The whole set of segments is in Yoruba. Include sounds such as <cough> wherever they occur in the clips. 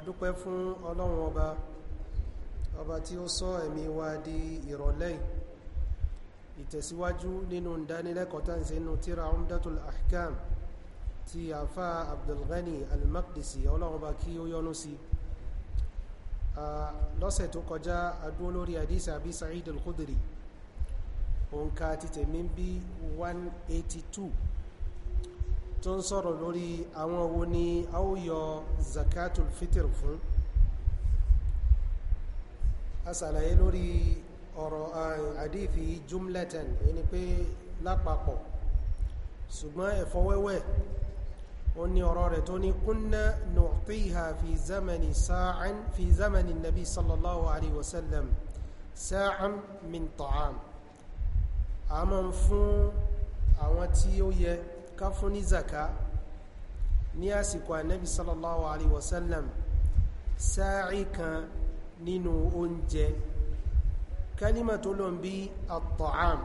adúpẹ́ fún ọlọ́run ọba ọba tí ó sọ ẹ̀mí wa di ìrọ̀lẹ́ ìtẹ̀síwájú nínú ìdánilẹ́kọ̀ọ́ tá ń ṣe nínú tíra umdatul ahkam ti àfá abdulghani al-maqdisi ọlọ́run ọba kí ó yọ́nú sí lọ́sẹ̀ tó kọjá adúó lórí hadith abi sa'id al-khudri òǹkà ti tẹ̀mí bí 182 tó ń sọ̀rọ̀ lórí àwọn wo ni a ó yọ zakatul fitr fún a sàlàyé lórí ọ̀rọ̀ àdífi jumlatan ẹni pé lápapọ̀ ṣùgbọ́n ẹ̀fọ́wẹ́wẹ́ ó ní ọ̀rọ̀ rẹ̀ tó ní kúnná nu'tiha fi zamani sa'an fi zamani nabi sallallahu alaihi wasallam sa'an min ta'am a máa fún àwọn tí ó yẹ ká fún ní zaka ní àsìkò ànábì sallallahu alaihi wasallam sáàrí kan nínú oúnjẹ kálímà tó lọ bí at-ta'am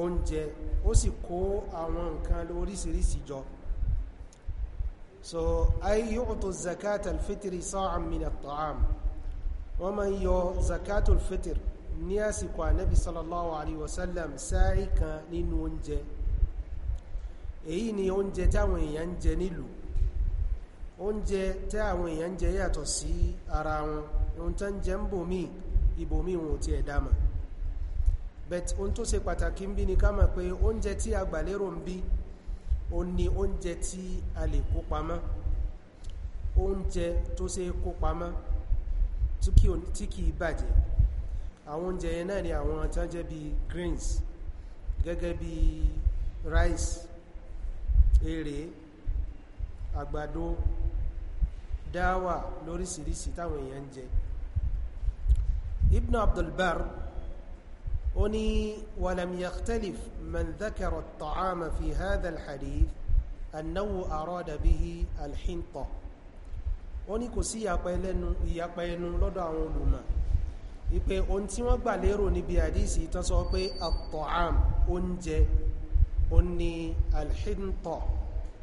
oúnjẹ ó sì kó àwọn nǹkan lóríṣiríṣi jọ so ay yu'tu zakat al-fitri sa'an min at-ta'am wọ́n máa ń yọ zakat al-fitri sallallahu alaihi wasallam sáàrí kan nínú èyí ni oúnjẹ táwọn èèyàn ń jẹ nílùú oúnjẹ tí àwọn èèyàn ń jẹ yàtọ̀ sí ara wọn ohun tó ń jẹ ń bòmí ìbòmí wọn ò tiẹ̀ dámà but ohun tó ṣe pàtàkì ń bí ni ká mọ̀ pé oúnjẹ tí a gbà lérò ń bí ó ní oúnjẹ tí a lè kó pamọ́ oúnjẹ tó ṣe kó pamọ́ tí kìí bàjẹ́ àwọn oúnjẹ yẹn náà ni àwọn tán jẹ́ bí grains gẹ́gẹ́ bí rice èrè àgbàdo dáwà lóríṣiríṣi táwọn èèyàn ń jẹ ibn abdulbar ó ní walam yakhtalif man dhakara at-ta'ama fi hadha al-hadith annahu arada bihi al-hinta ó ní kò sí ìyapa ẹnu lọ́dọ̀ àwọn olùmọ̀ wípé ohun tí wọ́n gbà lérò níbi àdísì tán sọ pé at-ta'am oúnjẹ ó ní alhinto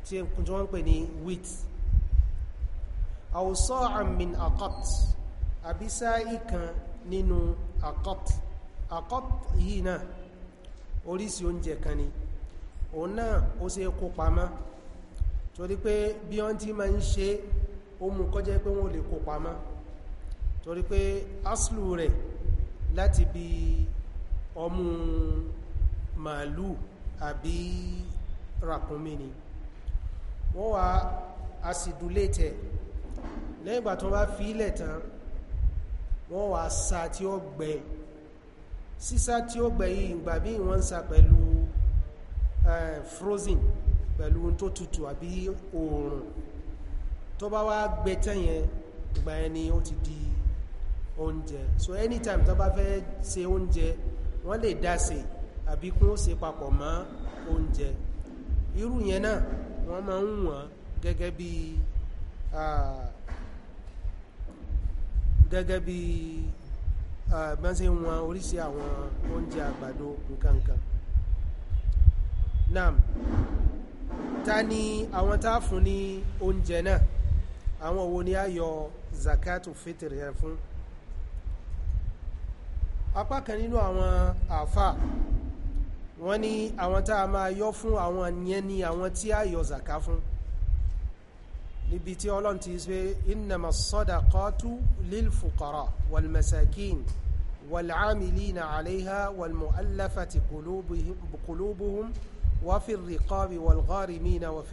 tí wọ́n pè ní wheat àwùsọ́ àmìn akọ́t àbísá ìkan nínú akọ́t akọ́t yìí náà oríṣi oúnjẹ kan ni òun náà ó ṣe kó pamọ́ torí pé bí wọ́n ti máa ń ṣe ó mú kọjẹ́ pé wọ́n lè kó pamọ́ torí pé aslu rẹ̀ láti bí ọmú màálù àbí ràkúnmí ni wọ́n wá asidulé tẹ̀ lẹ́yìn ìgbà tó bá fi ilẹ̀ tán wọ́n wá sa tí ó gbẹ sísá tí ó gbẹ yìí ìgbà bí wọ́n ń sa pẹ̀lú frozen pẹ̀lú tó tutù àbí oòrùn tó bá wá gbẹ tán ìgbà yẹn ó ti di oúnjẹ so anytime tó bá fẹ́ ṣe oúnjẹ wọ́n lè dá se àbí kún ó ṣe papọ̀ mọ́ oúnjẹ irú yẹn náà wọ́n máa ń wọ̀n gẹ́gẹ́ bí gẹ́gẹ́ bí bẹ́ńsẹ̀ wọn oríṣi àwọn oúnjẹ àgbàdo nkankan nam ta ni àwọn tá fún ní oúnjẹ náà àwọn wo ni a yọ zakatu fitr yẹn fún apá kan nínú àwọn àfà wọ́n ní àwọn tá a máa yọ fún àwọn yẹn ni àwọn tí a yọ zaka fún níbi tí ọlọ́n ti ṣe innama sadaqatu lil fuqara wal masakin wal amilina alayha wal mu'allafati qulubuhum wa fi riqabi wal gharimina wa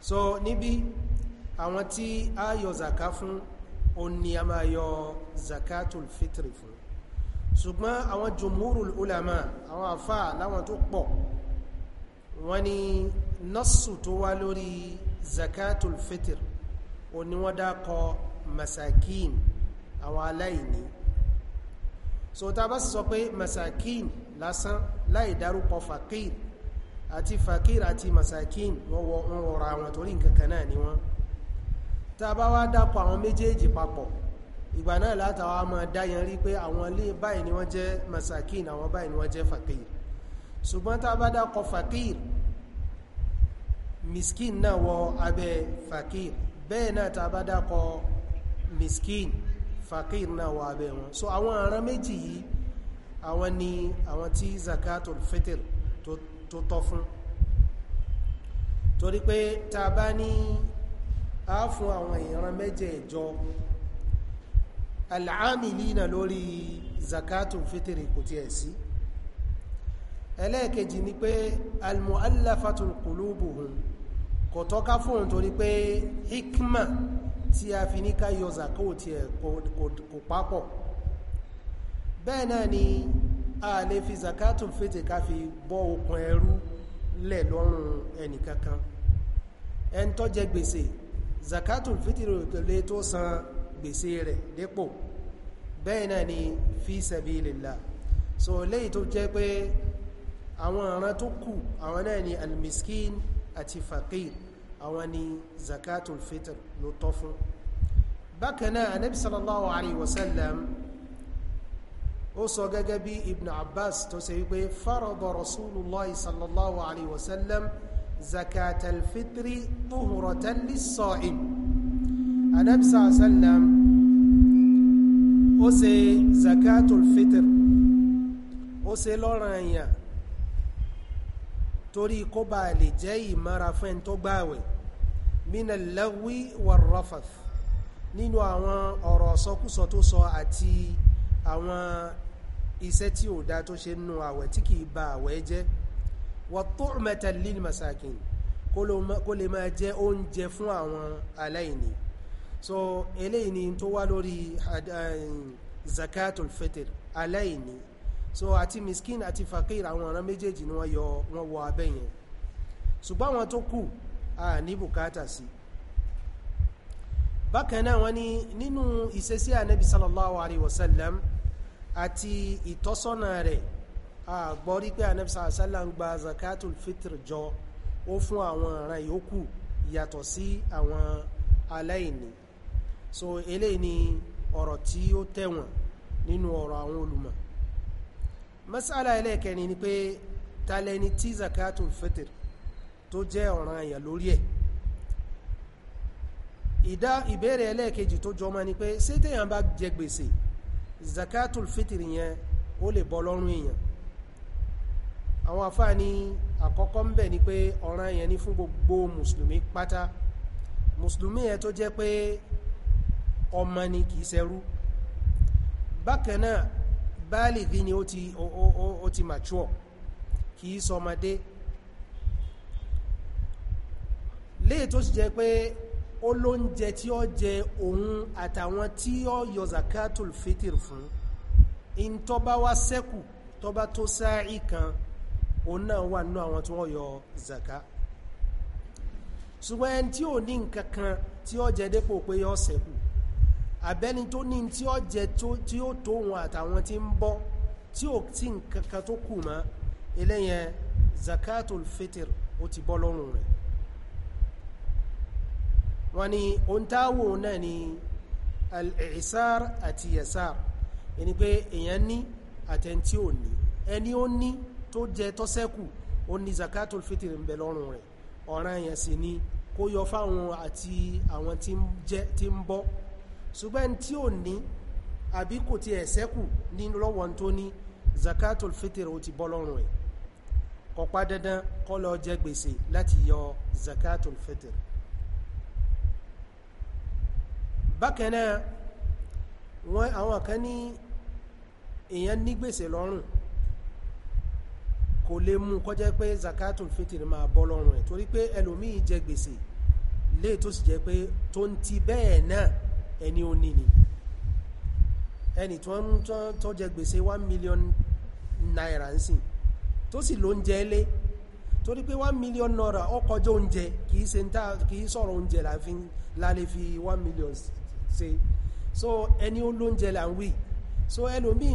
so níbi àwọn tí a yọ zaka fún ó ní a máa yọ zakatul fitri fún ṣùgbọ́n àwọn jùmúrùl ulama àwọn àfà láwọn tó pọ̀ wọ́n ní nọ́sù tó wá lórí zakatul fitri ó ní wọ́n dákọ masakin àwọn aláìní so ta bá sọ pé masakin lásán láì dárúkọ fakir àti fakir àti masakin wọ́n wọ́ra wọn torí nǹkan náà ni wọ́n tá a bá wá dákọ̀ àwọn méjèèjì papọ̀ ìgbà náà látàwọn a máa dá yẹn rí pé àwọn ilé báyìí ni wọ́n jẹ́ masakin àwọn báyìí ni wọ́n jẹ́ fakir ṣùgbọ́n tá a bá dákọ̀ fakir miskin náà wọ abẹ́ fakir bẹ́ẹ̀ náà tá a bá dákọ̀ miskin fakir náà wọ abẹ́ wọn so àwọn àran méjì yìí àwọn ni àwọn tí zakatul fitr tó tọ́ fún torí pé tá a bá ní a fún àwọn ìran mẹ́jẹ̀ẹ̀jọ al'amilina lórí zakatun fitiri kò tí ẹ̀ sí ẹlẹ́ẹ̀kejì ni pé almuallafatul qulubuhum kò tọ́ka fún torí pé hikma tí a fi ní ká yọ zaka ò tí ẹ̀ kò papọ̀ bẹ́ẹ̀ náà ni a lè fi zakatun fitiri ká fi bọ́ okùn ẹrú lẹ̀ lọ́rùn ẹnìkankan ẹn tó jẹ gbèsè zakatul fitiri lè tó san gbèsè rẹ̀ dépò bẹ́ẹ̀ ni fi sabilillah so léyìí tó jẹ́ pé àwọn ọ̀ràn tó kù àwọn náà ni almiskin àti faqir àwọn ni zakatul fitr ló tọ́ fún bákanáà anábi sallallahu alaihi wasallam ó sọ gẹ́gẹ́ bí ibn abbas tó ṣe wípé farada rasulullah sallallahu alaihi wasallam zakat alfitri tuhuratan lis-sa'im anabi sallam ó ṣe zakat alfitr ó ṣe lọ́ranyàn torí kó bá lè jẹ́ ìmára fún ẹni tó gbààwẹ̀ mina lawi wa rafath nínú àwọn ọ̀rọ̀ sọkúsọ tó sọ àti àwọn iṣẹ́ tí ò dá tó ṣe nínú àwẹ̀ tí kìí ba àwẹ̀ jẹ́ wa tu'matan lil masakin kó lè máa jẹ́ oúnjẹ fún àwọn aláìní so eléyìí ni tó wá lórí eh, zakatul fitr aláìní so àti miskin àti fakir àwọn ọ̀ràn méjèèjì ni wọ́n yọ wọ́n wọ abẹ́yẹn ṣùgbọ́n àwọn tó kù a ní bùkátà sí bákanáà wọ́n ní nínú ìṣesí ànábì sallallahu alaihi wasallam àti ìtọ́sọ́nà rẹ̀ àgbọ́rí pé anẹ́bísà àṣálà ń gba zakatul fitr jọ ó fún àwọn ìran yòókù yàtọ̀ sí àwọn aláìní so eléyìí ni ọ̀rọ̀ tí ó tẹ̀wọ̀n nínú ọ̀rọ̀ àwọn olùmọ̀ masala ẹlẹ́ẹ̀kẹrin ni pé talẹni tí zakatul fitr tó jẹ́ ọ̀ràn àyà lórí ẹ̀ ìdá ìbéèrè ẹlẹ́ẹ̀kejì tó jọmọ́ ni pé sétèyàn bá jẹ gbèsè zakatul fitr yẹn ó lè bọ́ lọ́rùn èèyàn àwọn àfáà ní àkọ́kọ́ ń bẹ̀ ni pé ọ̀ràn yẹn ní fún gbogbo mùsùlùmí pátá mùsùlùmí ẹ tó jẹ́ pé ọmọ ni kìí ṣẹrú bákanáà báàlìgì ni ó ti ó ó ó ti mature kìí ṣọmọdé léè tó sì jẹ́ pé ó ló ń jẹ tí ó jẹ òun àtàwọn tí ó yọ zakatul fitr fún in tó bá wá ṣẹ́kù tó bá tó sáà ìkan òun náà wà nínú àwọn tí wọ́n yọ zaka ṣùgbọ́n ẹni tí ò ní nǹkan kan tí ó jẹ dépò pé yọ ṣẹ́kù àbẹ́ni tó ní tí ó jẹ tí ó tó wọn àtàwọn tí ń bọ́ tí ò tí nǹkan kan tó kù mọ́ eléyẹn zakatul fitr ó ti bọ́ lọ́rùn rẹ̀ wọ́n ní ohun táwò náà ni al àti yasar ẹni pé èèyàn ní àtẹ̀ntí ò ní ẹni ó ní tó jẹ tó ṣẹ́kù ó ní zakatul fitr ń bẹ lọ́rùn rẹ̀ ọ̀ràn yẹn sì ni kó yọ fáwọn àti àwọn tí ń bọ́ ṣùgbọ́n tí ò ní àbí kò ti ẹ̀ ṣẹ́kù ní lọ́wọ́ tó ní zakatul fitr ó ti bọ́ lọ́rùn rẹ̀ kò dandan kó lọ jẹ gbèsè láti yọ zakatul fitr bákan náà àwọn kan ní èèyàn ní gbèsè lọ́rùn kò lè mú kó jẹ́ pé zakatul fitr máa bọ́ lọ́rùn ẹ̀ torí pé ẹlòmíì jẹ gbèsè lè tó sì jẹ́ pé tó ń ti bẹ́ẹ̀ náà ẹni ó ní ni ẹni tó jẹ gbèsè one million naira ń sìn tó sì ló ń jẹ lé torí pé one million naira ó kọjá oúnjẹ kìí ṣe ntá kìí sọ̀rọ̀ oúnjẹ lálẹ́ fi one million ṣe so ẹni ó lóúnjẹ là ń wí so ẹlòmíì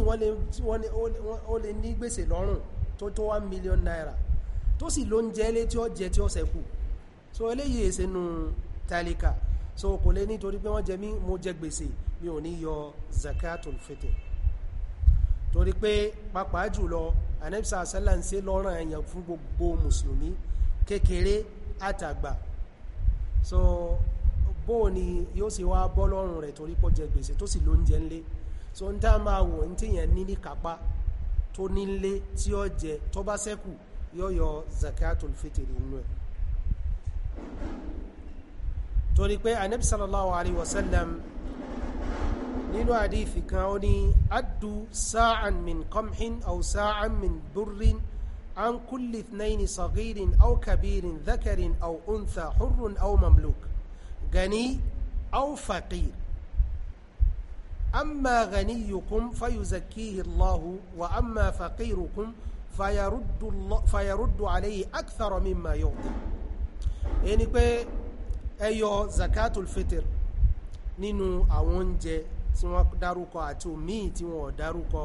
wọ́n lè ní gbèsè lọ́rùn tó tó one million naira tó sì ló ń jẹ́ lé tí ó jẹ tí ó sẹ́kù so eléyìí èsè nu tálíkà so kò lè nítorí pé wọ́n jẹ mí mo jẹ gbèsè mi ò ní yọ zakatul fitr torí pé pàápàá jùlọ anẹ́bísà sẹ́là lọ́ràn èèyàn fún gbogbo mùsùlùmí kékeré àtàgbà so bó ni yóò sì wá bọ́ lọ́rùn rẹ̀ torí pọ́ jẹ gbèsè tó sì ló ń jẹ ńlé so ń tá máa wò ń tíyàn ní ní kápá tó nílé tí ó jẹ tó bá sẹ́kù yóò yọ zakatul fitr inú ẹ̀ torí pé anabi sallallahu alaihi wasallam nínú àdífì kan ó ní addu sa'an min qamhin aw sa'an min burrin an kulli ithnaini saghirin aw kabirin dhakarin aw untha hurrun aw mamluk gani aw faqir أما غنيكم فيزكيه الله وأما فقيركم فيرد, الله فيرد عليه أكثر مما يعطي يعني pé ẹyọ zakatul fitr nínú àwọn oúnjẹ tí wọ́n dárúkọ àti omi tí wọ́n dárúkọ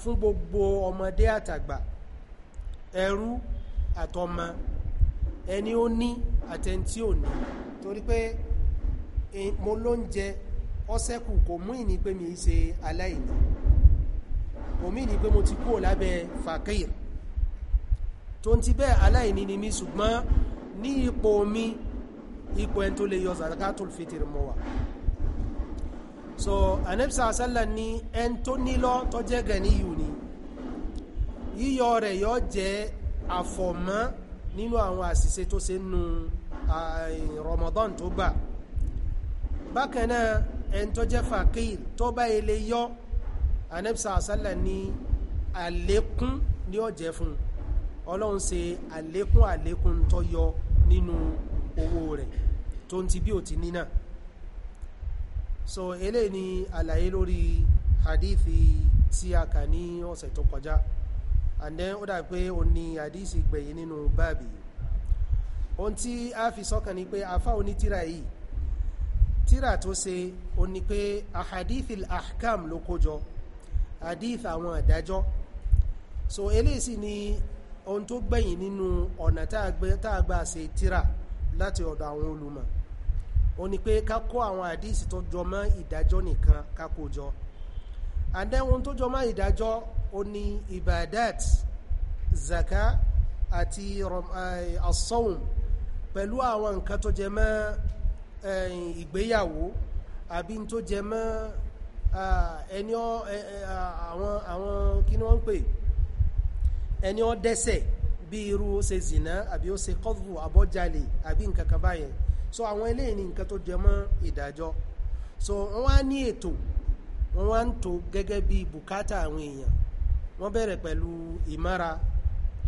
fún gbogbo ọmọdé àtàgbà ẹrú àtọmọ ẹni ó ní àtẹntí ò ní torí pé eh, mo lóúnjẹ ọ́sẹ́kù kò mú ìní pé mi ṣe aláìní kò mú ìní pé mo ti kúrò lábẹ́ fàkír tó ń ti bẹ́ẹ̀ aláìní ni mi ṣùgbọ́n ní ipò mi ipò ẹn tó lè yọ zakatul fitr mọ́ wa so anẹ́bisa asálà ni ẹn tó nílọ tó jẹ́ gẹ̀níyù ni yíyọ rẹ̀ yọ jẹ́ àfọ̀mọ́ nínú àwọn àṣìṣe tó ṣe nù Ramadan tó gbà bákan ẹn tó jẹ́ fàkíl tó bá ilé yọ́ anẹ́bìsà àṣálà ní àlékún ní ọ̀jẹ́ fún ọlọ́run ṣe àlékún àlékún tó yọ nínú owó rẹ̀ tó ń ti bí ò ti nínà so eléyìí ni àlàyé lórí hadithi tí a kà ní ọ̀sẹ̀ tó kọjá and then ó dà pé o ní àdísì gbẹ̀yìn nínú báàbì ohun tí a fi sọ́kàn ni pé afá onítìrà yìí tíra tó ṣe o ní pé ahadithil ahkam ló kójọ hadith àwọn àdájọ́ so eléyìí ni ohun tó gbẹ̀yìn nínú ọ̀nà tààgbà ṣe tíra láti ọ̀dọ̀ àwọn olùmọ̀ o ní pé ká kó àwọn hadith tó jọ mọ́ ìdájọ́ nìkan ká kó jọ àdẹ́hun tó jọ ìdájọ́ o ní ibadat zaka àti eh, asọ́hùn pẹ̀lú àwọn nǹkan tó jẹ ìgbéyàwó àbí tó jẹ mọ́ ẹni àwọn àwọn kí ni wọ́n ń pè ẹni ó dẹ́ṣẹ̀ bí irú ó ṣe zìnà àbí ó ṣe kọ́fù àbọ́jalè àbí nǹkan báyẹn so àwọn eléyìí ni nǹkan tó jẹ mọ́ ìdájọ́ so wọ́n wá ní ètò wọ́n wá ń tò gẹ́gẹ́ bí bùkátà àwọn èèyàn wọ́n bẹ̀rẹ̀ pẹ̀lú ìmára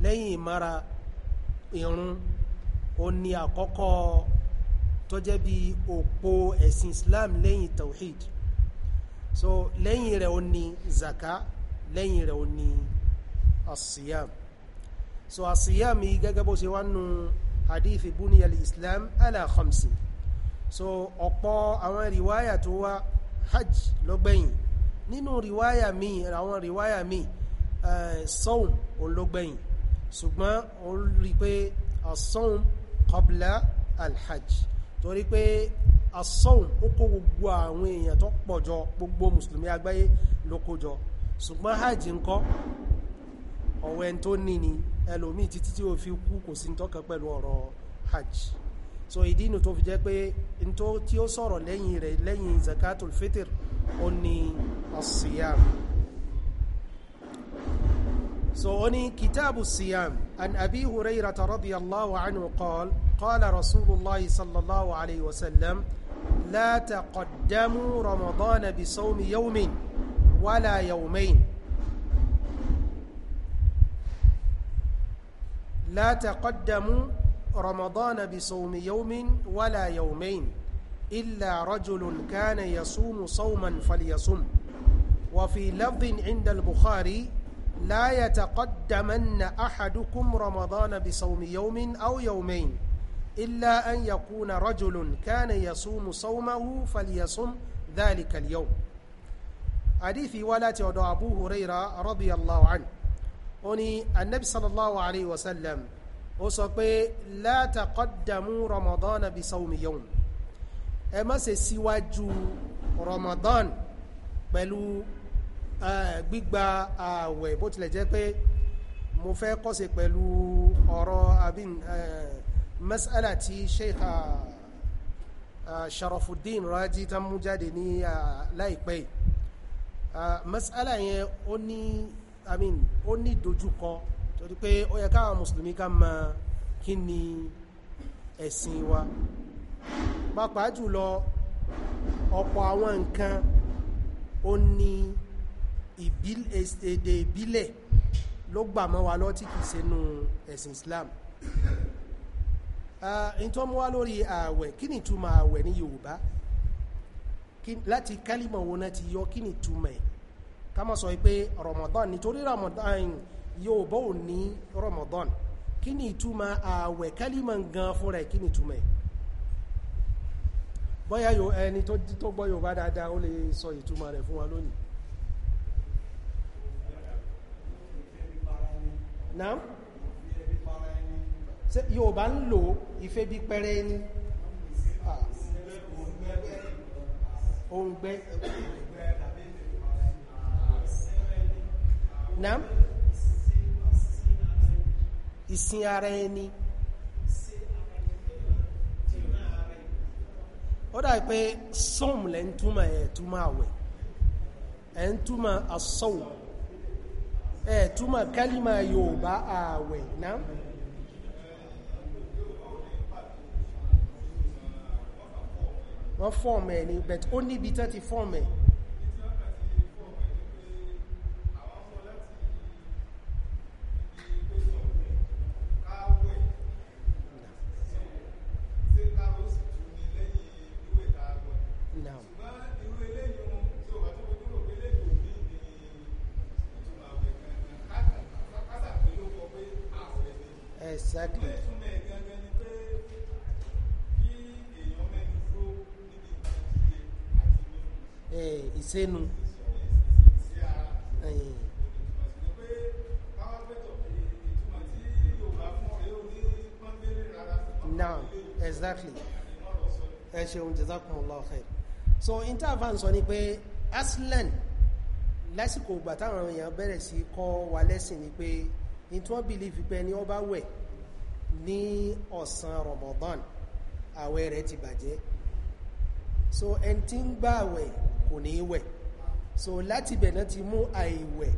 lẹ́yìn ìmára ìrun ó ní àkọ́kọ́ tó jẹ́ bí òpó ẹ̀sìn islam lẹ́yìn tawhid so lẹ́yìn rẹ̀ ó ní zaka lẹ́yìn rẹ̀ ó ní asiyam so asiyam yìí gẹ́gẹ́ bó ṣe wá nù hadith buniya al-islam ala khamsi so ọ̀pọ̀ àwọn riwaya tó wá hajj lọ́gbẹ̀yìn nínú riwaya mi àwọn riwaya mi eh, sọ́un ológbẹ̀yìn ṣùgbọ́n ó rí pé asọ́un qabla alhajj torí pé asọ́un ó kó gbogbo àwọn èèyàn tó pọ̀jọ gbogbo mùsùlùmí àgbáyé ló kójọ ṣùgbọ́n hajj ń kọ́ ọ̀wẹ́ tó ní ni ẹlòmí títí tí ó fi kú kò sí tọ́kẹ pẹ̀lú ọ̀rọ̀ hajj so ìdí inú tó fi jẹ́ pé tó tí ó sọ̀rọ̀ lẹ́yìn rẹ̀ lẹ́yìn zakatul fitr ó ní asiyam so ó ní kitabu siyam an abi hurairata radiyallahu anhu qala قال رسول الله صلى الله عليه وسلم لا تقدموا رمضان بصوم يوم ولا يومين لا تقدموا رمضان بصوم يوم ولا يومين إلا رجل كان يصوم صوما فليصم وفي لفظ عند البخاري لا يتقدمن أحدكم رمضان بصوم يوم أو يومين إلا أن يكون رجل كان يصوم صومه فليصوم ذلك اليوم حديث ولا ودى أبو هريرة رضي الله عنه أني النبي صلى الله عليه وسلم أصبح لا تقدموا رمضان بصوم يوم أما سيواجو رمضان pẹ̀lú gbígba ààwẹ̀ bó tilẹ̀ jẹ́ pé mo fẹ́ kọ́sẹ̀ pẹ̀lú ọ̀rọ̀ àbí mas'ala tí sheikh sharafuddin raji ta mú jáde ní láìpẹ́ mas'ala yẹn ó ní i mean ó ní dojúkọ torí pé ó yẹ káwọn mùsùlùmí ká mọ kí ni ẹ̀sìn wa pàápàá jùlọ ọ̀pọ̀ àwọn nǹkan ó ní èdè ìbílẹ̀ ló gbà mọ́ wa lọ tí kìí ṣe nú ẹ̀sìn Islam ìtọ́ mú wá lórí ààwẹ̀ kí ni túmọ̀ ààwẹ̀ ní Yorùbá láti kálímọ̀ wo náà ti yọ kí ni túmọ̀ ẹ̀ ká sọ pé Ramadan nítorí Ramadan Yorùbá ò ní Ramadan kí ni túmọ̀ ààwẹ̀ kálímọ̀ gan fúnra ẹ̀ kí ni túmọ̀ ẹ̀ bọ́yá ẹni tó gbọ́ Yorùbá dáadáa ó lè sọ ìtumọ̀ rẹ̀ fún wa lónìí yóò bá ń lò ìfẹ́ bí pẹ́rẹ́ ní òǹgbẹ́ náà ìsìn ara ẹni ó dà pé sọ́m lẹ́ ń túmọ̀ ẹ̀ túmọ̀ àwẹ̀ ẹ̀ ń túmọ̀ asọ́wọ̀ ẹ̀ túmọ̀ kálímà Yorùbá àwẹ̀ náà wọ́n fọ́ọ̀mù ẹ̀ ni but ó níbi tán ti fọ́ọ̀mù ẹ̀ sẹ́nu now exactly ẹ ṣeun jazakumullahu khair so intervan sọ ni pé aslan lásìkò ìgbà táwọn èèyàn bẹ̀rẹ̀ sí kọ́ wa lẹ́sìn ni pé ní tí wọ́n bìlífì pé ní ọba wẹ̀ ní ọ̀sán Ramadan àwẹ̀ rẹ̀ ti bàjẹ́ so ẹni tí ń gbà àwẹ̀ kò ní wẹ̀ so láti bẹ̀ náà ti mú àìwẹ̀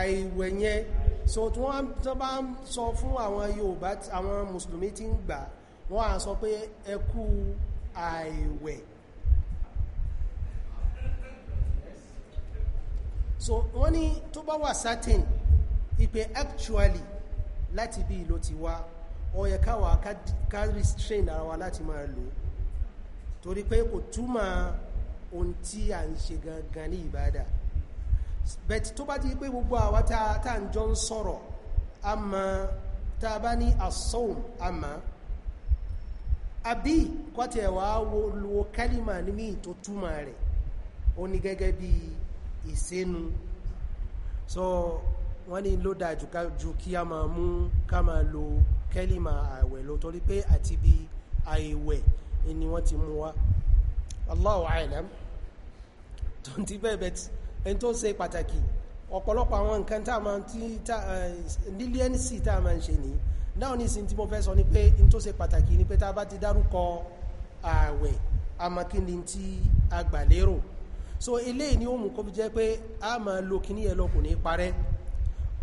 àìwẹ̀ yẹn so tí wọ́n tó bá ń sọ fún àwọn Yorùbá àwọn mùsùlùmí tí ń gbà wọ́n á sọ pé ẹ kú àìwẹ̀ so wọ́n ní tó bá wà certain ìpè actually láti bí ìlò ti wá ó yẹ káwà ká restrain ara wa láti máa lò torí pé kò túmọ̀ ohun tí a ń ṣe gangan ní ìbádà bet tó bá ti pé gbogbo àwa tá ń jọ ń sọ̀rọ̀ àmọ́ tá a bá ní asọ́ùn àmọ́ àbí kọ́tẹ̀ wà wo kálímà ní mí tó túmọ̀ rẹ̀ ó ní gẹ́gẹ́ bí ìsẹ́nu so wọ́n ní ló dáa jù kí a máa mú ká máa lo kẹ́lìmà àwẹ̀ lọ torí pé àti bí àìwẹ̀ ni wọ́n ti mú wá Allahu a'lam tó ń ti bẹ́ẹ̀ bẹ́ẹ̀ ẹni tó ṣe pàtàkì ọ̀pọ̀lọpọ̀ àwọn nǹkan tá a máa ti eh, lílíẹ́nsì tá a máa ń ṣe ní náà ní sin tí mo fẹ́ sọ ni pé in tó ṣe pàtàkì ni pé tá a bá ti dárúkọ ààwẹ̀ amakíni tí a so eléyìí ni ó mú kó jẹ́ pé a máa lo kíní ẹ̀ lọ́kùn ní parẹ́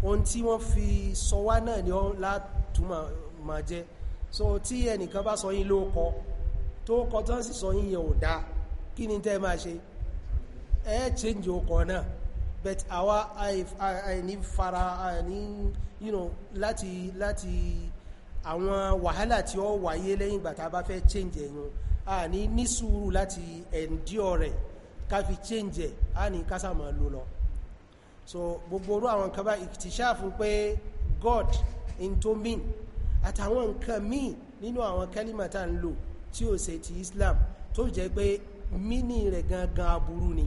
ohun tí wọ́n fi sọ wá náà ni ó látúmọ̀ máa jẹ́ so tí ẹnìkan bá sọ yín lóókọ tó kọ tán sì sọ yín yẹn ò dáa kí ni tẹ́ máa ṣe ẹ change ọkọ náà but I I àìní fara I àìní you know láti láti àwọn wàhálà tí ó wáyé lẹ́yìn ìgbà tá a bá fẹ́ change ẹ̀yàn àní ní sùúrù láti endure rẹ̀ ká fi change ẹ̀ àní kásàmà lò lọ so gbogbo orú àwọn nǹkan bá ìtìṣáàfù pé god in to mean àtàwọn nǹkan míì nínú àwọn kẹ́límàtà ń lò tí ó ṣe ti islam tó jẹ́ pé mini rẹ̀ gangan aburú ni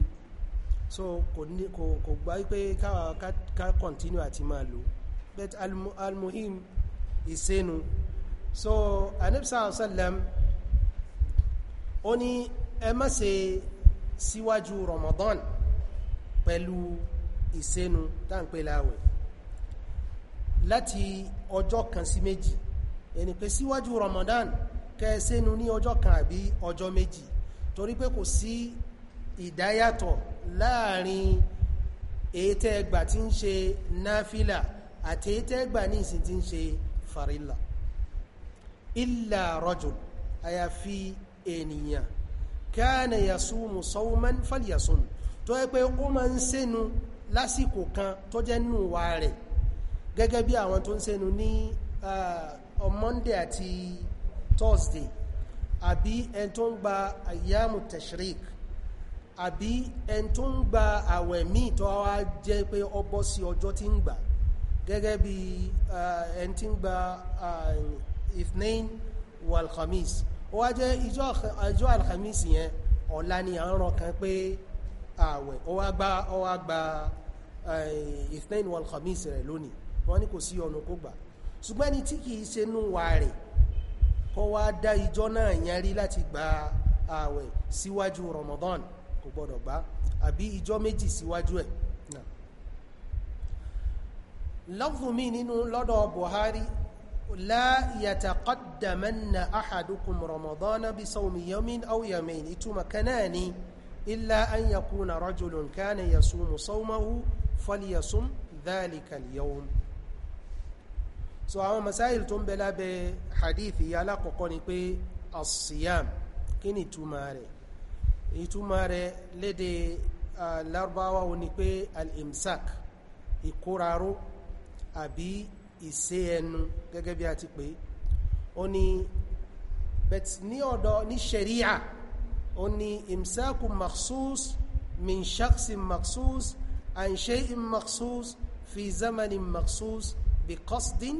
so kò ní kò kò gbá pé káwa ká continue àti máa lò but almuhim ìsẹ́nu so anibsa asalam ó ní ẹ má ṣe síwájú Ramadan pẹ̀lú ìsẹ́nu táǹpé láwẹ̀ láti ọjọ́ kan sí méjì ẹni pé síwájú Ramadan kẹsẹ́nu ní ọjọ́ kan àbí ọjọ́ méjì torí pé kò sí ìdáyàtọ̀ láàrin ètẹ́ ẹgbà tí ń ṣe náfílà àti ètẹ́ ẹgbà ní ìsìn tí ń ṣe farilla illa rajul àyàfi ènìyàn kana yasumu sawman falyasum tó yẹ pé ó máa ń sẹ́nu lásìkò kan tó jẹ́ nù wa rẹ̀ gẹ́gẹ́ bí àwọn tó ń sẹ́nu ní Monday àti Thursday àbí ẹn tó ń gba ayyamu tashrik àbí ẹn tó ń gba àwẹ̀ míì tó wá jẹ́ pé ó sí ọjọ́ tí ń gbà gẹ́gẹ́ bí eh, ẹn tí ń gba eh, ifnain walhamis ó wá jẹ́ ìjọ alhamis yẹn ọ̀la ni à ń rọ kan pé àwẹ̀ ó wá gba eh, ifnain walhamis rẹ̀ lónìí wọ́n ní kò sí ọ̀nà kó gbà ṣùgbọ́n ẹni tí kìí ṣe nú wa rẹ̀ kọ́ wá dá ìjọ náà yẹn rí láti gba àwẹ̀ síwájú Ramadan kò gbọ́dọ̀ gbá àbí ìjọ́ méjì síwájú ẹ̀ lọ́fùmí nínú lọ́dọ̀ Buhari la yataqaddamanna ahadukum ramadana bi sawmi yawmin aw yawmayn ìtumọ̀ kanáà ni illa an yakuna rajulun kana yasumu sawmahu falyasum dhalika al-yawm so àwọn masáìl ìtumọ̀ rẹ̀ lédè lárúbáwá ó ní pé al-imsak ìkóraró àbí ìsé ẹnu gẹ́gẹ́ bí a ti pè ó ní bet ní ọ̀dọ̀ ní sharia ó ní imsaku maksus min shaksin maksus an shay'in maksus fi zamanin maksus bi qasdin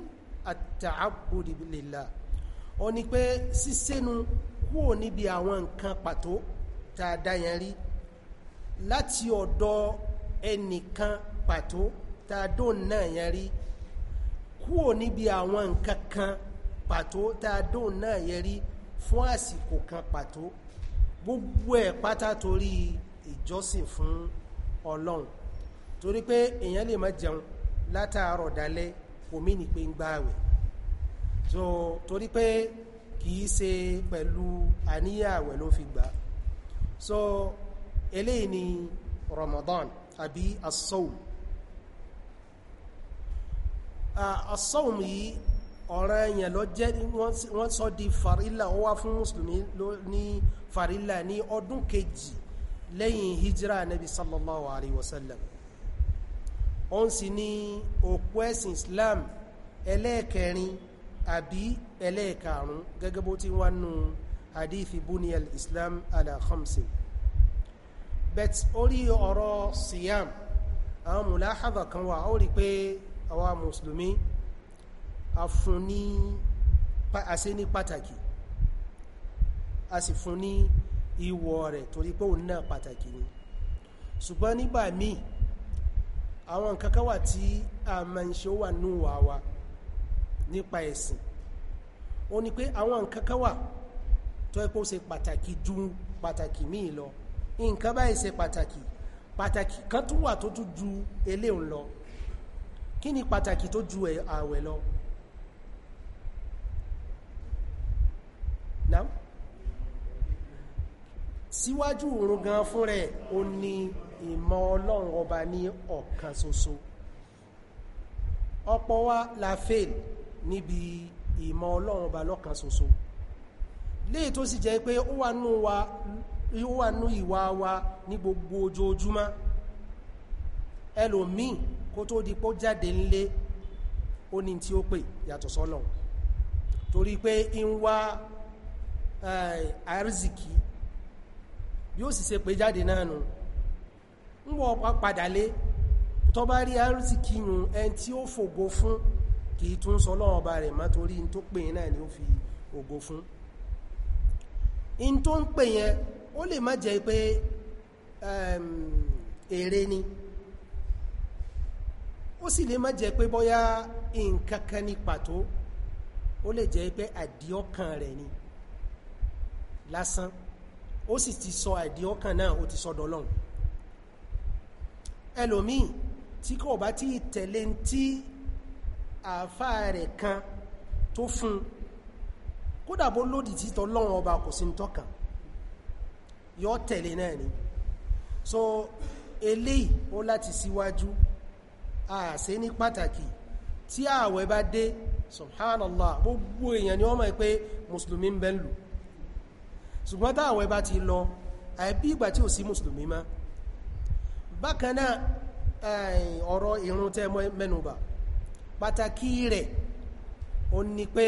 at-ta'abbudi lillah ó ní pé sísẹ́nu kúrò níbi àwọn nǹkan pàtó tá a dá yẹn rí láti ọ̀dọ̀ ẹnìkan pàtó tá a dóòn náà yẹn rí kúrò níbi àwọn nǹkan kan pàtó tá a dóòn náà yẹn rí fún àsìkò kan pàtó gbogbo ẹ̀ pátá torí ìjọsìn fún ọlọ́run torí pé èèyàn lè má jẹun látàárọ̀ dalẹ́ omi ní pé ń gbààwẹ̀ so torí pé kìí ṣe pẹ̀lú àníyàwẹ̀ ló fi gbàá so eléyìí ni Ramadan àbí as-sawm as-sawm yìí ọ̀ràn èèyàn lọ jẹ́ wọ́n sọ di farilla ó wá fún mùsùlùmí ní farilla ní ọdún kejì lẹ́yìn hijira nabi sallallahu alaihi wasallam òun sì ni òpó ẹ̀sìn Islam ẹlẹ́ẹ̀kẹrin àbí ẹlẹ́ẹ̀karùn gẹ́gẹ́ bó ti wá nù hadithi buniya islam ala khamsin bet orí ọ̀rọ̀ siyam àwọn mùláhàdà kan wà ó rí pé àwa mùsùlùmí a fún ní àṣẹ ní pàtàkì a sì fún ní ìwọ̀ rẹ̀ torí pé òun náà ni ṣùgbọ́n nígbà míì àwọn nǹkan tí a máa ń ṣe ó wà nù wà nípa ẹ̀sìn ó ní pé àwọn nǹkan tó ẹ pé ó ṣe pàtàkì ju pàtàkì míì lọ nǹkan báyìí ṣe pàtàkì pàtàkì kan tún wà tó tún ju eléhùn lọ kí ni pàtàkì tó ju ààwẹ̀ lọ náà síwájú òun gan fún rẹ̀ ó ní ìmọ̀ ọlọ́run ọba ní ọ̀kan ṣoṣo ọ̀pọ̀ wa la fail níbi ìmọ̀ ọlọ́run ọba lọ́kan ṣoṣo. léè tó sì jẹ́ pé ó wà nú wa ó wà nú ìwà wa ní gbogbo ojoojúmọ́ ẹlòmíì kó tó di jáde ńlé ó ní tí ó pè yàtọ̀ sọ́lọ̀ torí pé ń wá eh, àrísìkí bí ó sì ṣe pé jáde náà nù ń wọ padà lé tó bá rí àrísìkí yùn ẹni tí ó fògo fún kì tún sọ́lọ́ ọba rẹ̀ má torí tó pè náà ni ó fi ògo fún in tó ń pè yẹn ó lè má jẹ́ pé ehm, èrè ni ó sì lè má jẹ́ pé bóyá nǹkan kan ní pàtó ó lè jẹ́ pé àdíọ́kàn rẹ̀ ni lásán ó sì ti sọ àdíọ́kàn náà ó ti sọ dọ́lọ́n ẹlòmíì tí kò bá ti tẹ̀lé tí àáfàá rẹ̀ kan tó fún un kódà bó lòdì tí tọ́lọ́run ọba kò sí tọ́kàn yọ tẹ̀lé náà ni so eléyìí ó láti síwájú àṣẹ ní pàtàkì tí ààwẹ̀ bá dé subhanallah gbogbo èèyàn ni wọ́n mọ̀ pé mùsùlùmí ń bẹ́lù ṣùgbọ́n táàwẹ̀ bá ti lọ àìbí ìgbà tí ò sí mùsùlùmí má bákan náà ọ̀rọ̀ ìrun tẹ́ mẹ́nubà pàtàkì rẹ̀ ó ní pé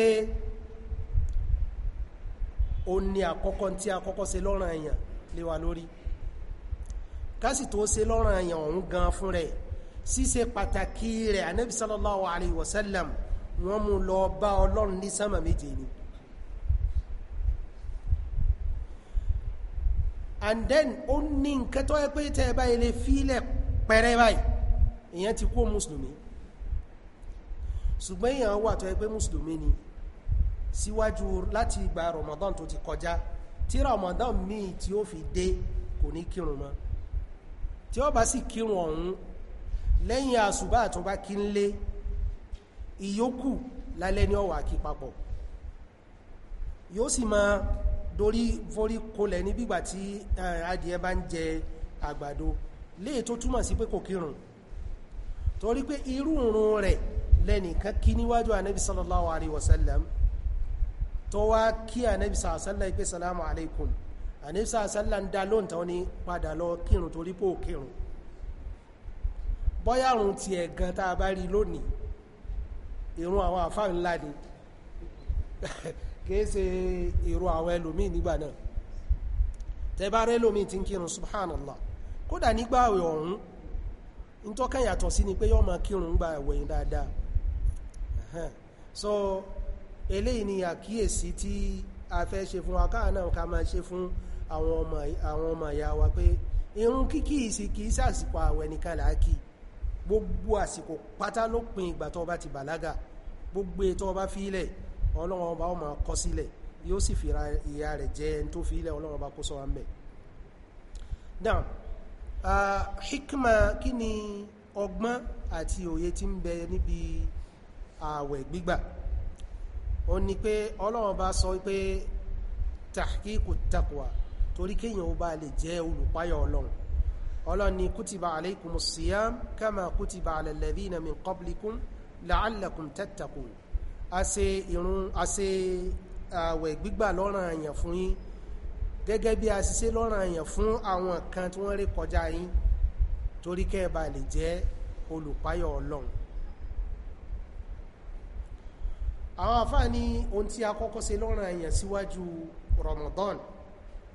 ó ní àkọ́kọ́ tí a kọ́kọ́ ṣe lọ́ràn èèyàn lé wa lórí kásì tó ṣe lọ́ràn èèyàn ọ̀hún gan fún rẹ̀ ṣíṣe pàtàkì rẹ̀ anábì sallallahu wọ́n mú lọ bá ọlọ́run ní sámà méje ni and then ó ní nǹkan tó yẹ pé tẹ́ ẹ báyìí lè fílẹ̀ pẹ̀rẹ́ báyìí èèyàn ti kú mùsùlùmí ṣùgbọ́n èèyàn wà tó yẹ pé mùsùlùmí ni síwájú láti ìgbà Ramadan tó ti kọjá tí Ramadan míì tí ó fi dé kò ní kírun mọ́ tí ó bá sì kírun ọ̀hún lẹ́yìn àsùbá tó bá kí ń lé ìyókù lálẹ́ ní ọ̀wà kí papọ̀ yóò sì máa dorí forí kolẹ̀ ní bígbà tí adìẹ bá ń jẹ àgbàdo léè tó túmọ̀ sí pé kò kírun torí pé irú rẹ̀ lẹ́nìkan kí níwájú ànábì sallallahu alaihi wasallam tó wá kí ànábì sàásánlá ipé salamu alaikum ànábì sàásánlá ń dá lóǹtà ó ní padà lọ kírun torí pò kírun bọ́yá àrùn ti ẹ̀gan tá a bá rí lónìí ìrun àwọn àfáà ńlá ni <laughs> kìí ṣe ìrun àwọn ẹlòmíì nígbà náà tẹbárẹ́ lómíì tí ń kírun subhanallah kódà nígbà àwẹ̀ ọ̀hún ń tọ́kàn yàtọ̀ sí ni pé yọ́ ma kírun gbà so eléyìí ni àkíyèsí tí a fẹ́ ṣe fún wa káà náà ká máa ṣe fún àwọn ọmọ àwọn ọmọ ìyá wa pé irun kíkí ìsì kìí sàsìkò àwẹ̀ nìkan làákì gbogbo àsìkò pátá ló pin ìgbà tó bá ti bàlágà gbogbo ètò ọba fílẹ̀ ọlọ́run ọmọ kọ sílẹ̀ yóò sì fi ìyá rẹ̀ jẹ ẹni tó fílẹ̀ ọlọ́run kó sọ wa mẹ́ now hikma kí ni ọgbọ́n àti òye tí ń bẹ níbi ààwẹ̀ gbígbà ó ní pé ọlọ́run bá sọ pé tahqiqu taqwa torí kéèyàn ó bá lè jẹ́ olùpáyọ̀ ọlọ́run ọlọ́run ni kútìbà alaykum siyam kama kútìbà ala alladhina min qablikum la'allakum tattaqun a ṣe ìrun a ṣe àwẹ̀ gbígbà lọ́ràn àyàn fún yín gẹ́gẹ́ bí a ṣiṣẹ́ lọ́ràn àyàn fún àwọn kan tí wọ́n rí kọjá yín torí kẹ́ẹ̀ lè jẹ́ olùpáyọ̀ ọlọ́run àwọn àfáà ní ohun tí a kọ́kọ́ ṣe lọ́rùn àyàn síwájú Ramadan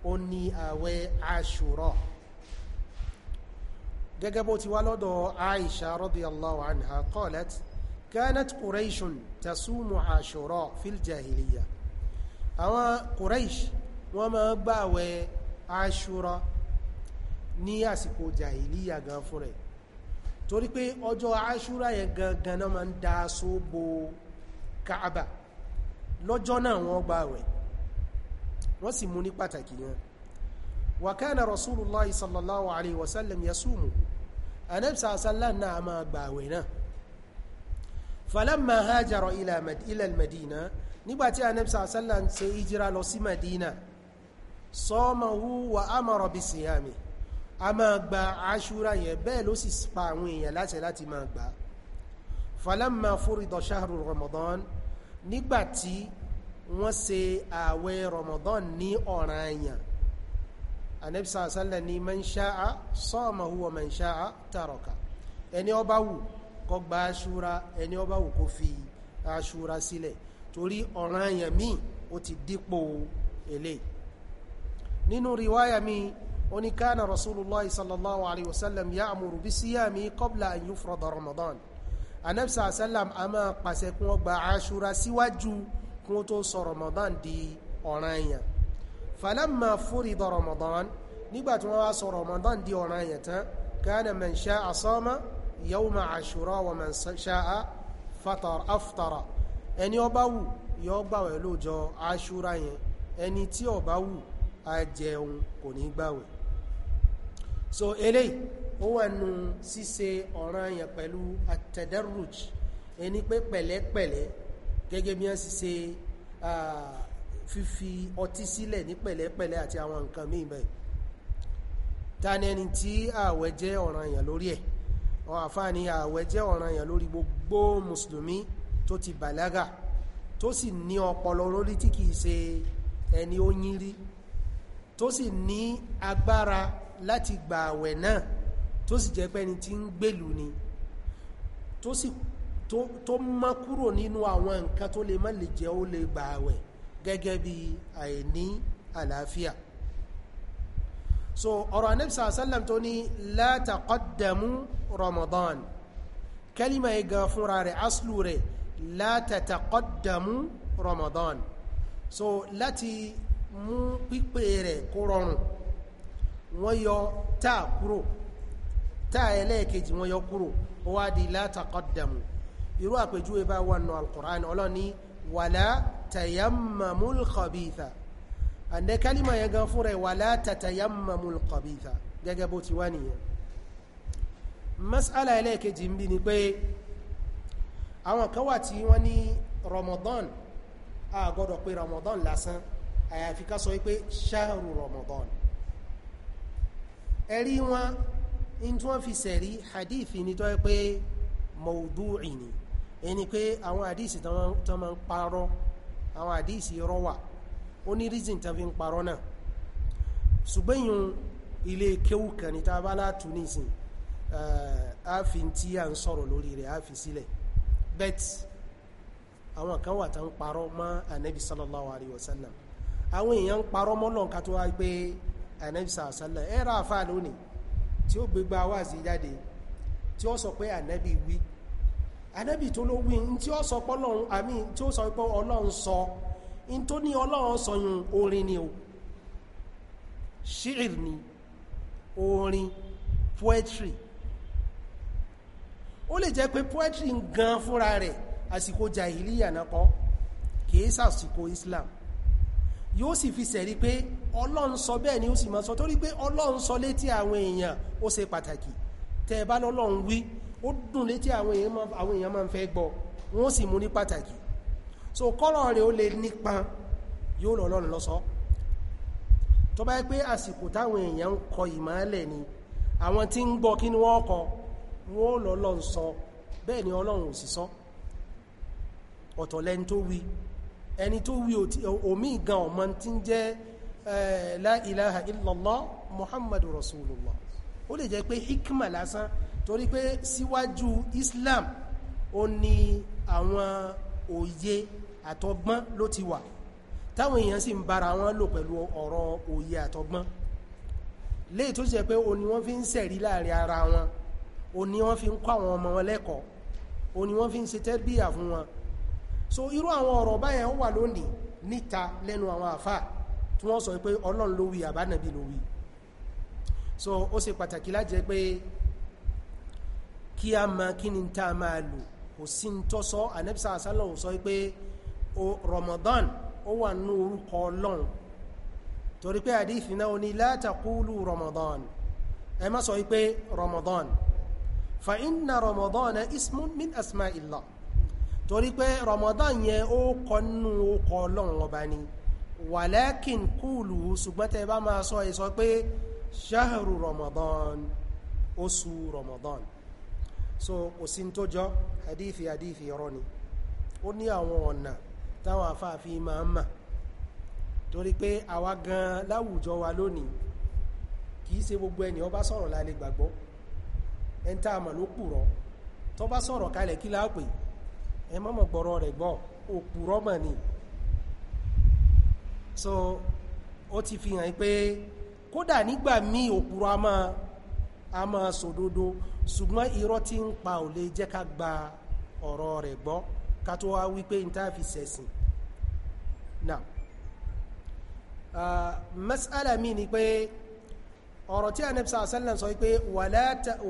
ó ní ààwẹ̀ Ashura gẹ́gẹ́ bó ti wá lọ́dọ̀ Aisha radiyallahu anha qalat kanat Quraishun tasumu Ashura fil jahiliya àwọn Quraish wọ́n máa gbààwẹ̀ Ashura ní àsìkò jahiliya gan fún rẹ̀ torí pé ọjọ́ Ashura yẹn gangan náà máa ń da sóbo so kaaba lọ́jọ́ náà wọ́n gba àwẹ̀ wọ́n sì mú ní pàtàkì yẹn wa kana rasulullahi sallallahu alaihi wasallam yasumu anabisa sallan náà máa gba àwẹ̀ náà falamma hajara ila al-madina nígbàtí anabisa sallan ṣe hijira lọ sí madina sọ́mọ̀hú wa amọ̀rọ̀ bí síyàmì fúrìdọ̀ shahru ramadan nígbàtí wọ́n ṣe ààwẹ̀ Ramadan ní ọ̀ranyàn Ànábì sàásánlẹ̀ ni man sha'a samahu wa man sha'a taraka ẹni ó bá wù kó gba aṣúra ẹni ó bá wù kó fi aṣúra sílẹ̀ torí ọ̀ranyàn míì ó ti dípò eléyìí nínú riwaya mi oníkánà rasulullah sallallahu alaihi wasallam ya'muru bisiyami qabla an yufrada Ramadan anẹ́bìsà àṣẹ́làm a máa pàṣẹ kí wọ́n gba aṣúra síwájú kí wọ́n tó sọ ramadan di ọ̀ràn èèyàn falamma furida ramadan nígbàtí wọ́n wá sọ ramadan di ọ̀ràn èèyàn tán kana man sha'a sama yawma ashura wa man sha'a fatar aftara ẹni ó wù yóò gbàwẹ̀ lóòjọ́ aṣúra yẹn ẹni tí ó wù á jẹun kò ní gbàwẹ̀ so eléyìí ó wà nù ṣíṣe ọ̀ràn yẹn pẹ̀lú atadarruj ẹni pé pẹ̀lẹ́pẹ̀lẹ́ gẹ́gẹ́ bí wọ́n ṣe fífi ọtí sílẹ̀ ní pẹ̀lẹ́pẹ̀lẹ́ àti àwọn nǹkan míì bẹ́ẹ̀ ta ni ẹni tí ààwẹ̀ jẹ́ ọ̀ràn yẹn lórí ẹ̀ àwọn àfáàní ààwẹ̀ jẹ́ ọ̀ràn yẹn lórí gbogbo mùsùlùmí tó ti bàlágà tó sì ní ọpọlọ lórí tí kìí ṣe ẹni ó yín rí tó sì ní agbára láti gbà náà tó sì jẹ́ pé ẹni tí ń gbèlú ni tó sì tó má kúrò nínú àwọn nǹkan tó lè má lè jẹ́ ó lè gbà àwẹ̀ gẹ́gẹ́ bí àìní àlàáfíà so ọ̀rọ̀ anẹ́bìsà sálàm tó ní la ramadan kẹ́límà igan fúnra rẹ̀ aṣlù rẹ̀ la ramadan so láti mú pípé rẹ̀ kó rọrùn wọ́n yọ táà kúrò táà ẹlẹ́ẹ̀kejì wọn yọ kúrò ó wá di la taqaddamu irú àpèjúwe bá wà nù al-Qur'an ọlọ́ni wàlá tayammamul khabitha àndẹ́ kálímà yẹn gan fúnra wàlá tatayammamul khabitha gẹ́gẹ́ bó ti wá nìyẹn mas'ala ẹlẹ́ẹ̀kejì ń bí ni pé àwọn kan wà tí wọ́n ní Ramadan a gbọ́dọ̀ pé Ramadan lásán àyàfi ká sọ wípé ṣáàrù Ramadan ẹ̀rí wọn in tí wọ́n fi sẹ̀rí hadithi ni tó yẹ pé mọ̀ọ́dúnrì ni ẹni pé àwọn hadithi tó máa ń parọ́ àwọn hadithi rọ́wà ó ní reason tó fi ń parọ́ náà ṣùgbọ́n yìí ilé kéwù kan ní tá a bá látú nísìn eh, a fi tí a ń sọ̀rọ̀ lórí rẹ̀ a fi sílẹ̀ bet àwọn kan wà tán parọ́ mọ́ anabi sallallahu alayhi wa sallam àwọn èèyàn parọ́ mọ́ lọ́nkà tó wá pé anabi sallallahu alayhi wa sallam ẹ̀rọ àfáà lónìí tí ó gbégbá wáàsí jáde tí ó sọ pé ànábì wí ànábì tó ló wí ní tí ó sọ pé ọlọ́run àmì tí ó sọ pé ọlọ́run sọ in tó ní ọlọ́run sọyún orin ni o ṣíìr ni orin poetry ó lè jẹ́ pé poetry gan fúnra rẹ̀ àsìkò jahiliya náà kọ́ kìí sàsìkò Islam yóò sì fi sẹ̀rí pé ọlọ́run sọ bẹ́ẹ̀ ni ó sì máa sọ torí pé ọlọ́run sọ létí àwọn èèyàn ó ṣe pàtàkì tẹ́ ẹ bá lọ́lọ́run wí ó dùn létí àwọn èèyàn máa ń fẹ́ gbọ́ wọ́n sì mú ní pàtàkì so kọ́rọ̀ rẹ̀ ó lè nípa yóò lọ́lọ́run lọ́sọ́ tó bá yẹ pé àsìkò táwọn èèyàn ń kọ ìmọ̀lẹ̀ ni àwọn tí ń gbọ́ kí ni wọ́n kọ wọ́n lọ́lọ́run sọ bẹ́ẹ̀ ni ọlọ́run ò sì sọ ọ̀tọ̀lẹ́ni tó wí ẹni tó wí omi gan ọmọ tí ń jẹ́ la ilaha illallah muhammadu rasulullah ó lè jẹ́ pé hikma lásán torí pé síwájú islam ó ní àwọn òye àtọgbọ́n ló ti wà táwọn èèyàn sì ń bára wọn lò pẹ̀lú ọ̀rọ̀ òye àtọgbọ́n léè tó jẹ́ pé o ni wọ́n fi ń ṣẹ̀rí láàrin ara wọn o ni wọ́n fi ń kọ́ àwọn ọmọ wọn lẹ́kọ̀ọ́ o ni wọ́n fi ń ṣe tẹ́bíyà fún wọn so irú àwọn ọ̀rọ̀ báyẹn ń wà lónìí níta lẹ́nu àwọn àfà tí wọ́n sọ pé ọlọ́run ló àbánàbí ló so ó ṣe pàtàkì lájẹ́ pé kí a máa kí ni tá a máa lò kò sí ń tọ́ sọ ànẹ́bísà àsálọ̀ ò sọ pé Ramadan ó wà ní orúkọ ọlọ́run torí pé àdífì náà ní la Ramadan ẹ má sọ pé Ramadan fa inna Ramadan ismun min asma'illah torí pé Ramadan yẹn ó kọ nínú ọkọ̀ ọlọ́run ọba ni walakin kúlù ṣùgbọ́n tẹ́ bá máa sọ ẹ pé ṣáàrù Ramadan oṣù Ramadan so òsín tó jọ hadithi hadithi ọ̀rọ̀ ni ó ní àwọn ọ̀nà táwọn afáàfin máa ń mà torí pé àwa gan láwùjọ wa lónìí kìí ṣe gbogbo ẹni ó sọ̀rọ̀ la lè gbàgbọ́ ẹni tá a mọ̀ ló pùrọ̀ tó bá sọ̀rọ̀ kalẹ̀ kí láàpè ẹ mọ́mọ̀ gbọ́rọ̀ rẹ̀ gbọ́ òpùrọ́ mọ̀ ni so ó ti fi hàn pé kódà nígbà míì òpùrọ́ a máa a máa sòdodo ṣùgbọ́n irọ́ tí ń pa ò lè jẹ́ ká gba ọ̀rọ̀ rẹ̀ gbọ́ ká tó wá wípé n tá fi ṣẹ̀sìn now uh, mas'ala ni pé ọ̀rọ̀ tí Ànábì sallallahu alaihi sọ pé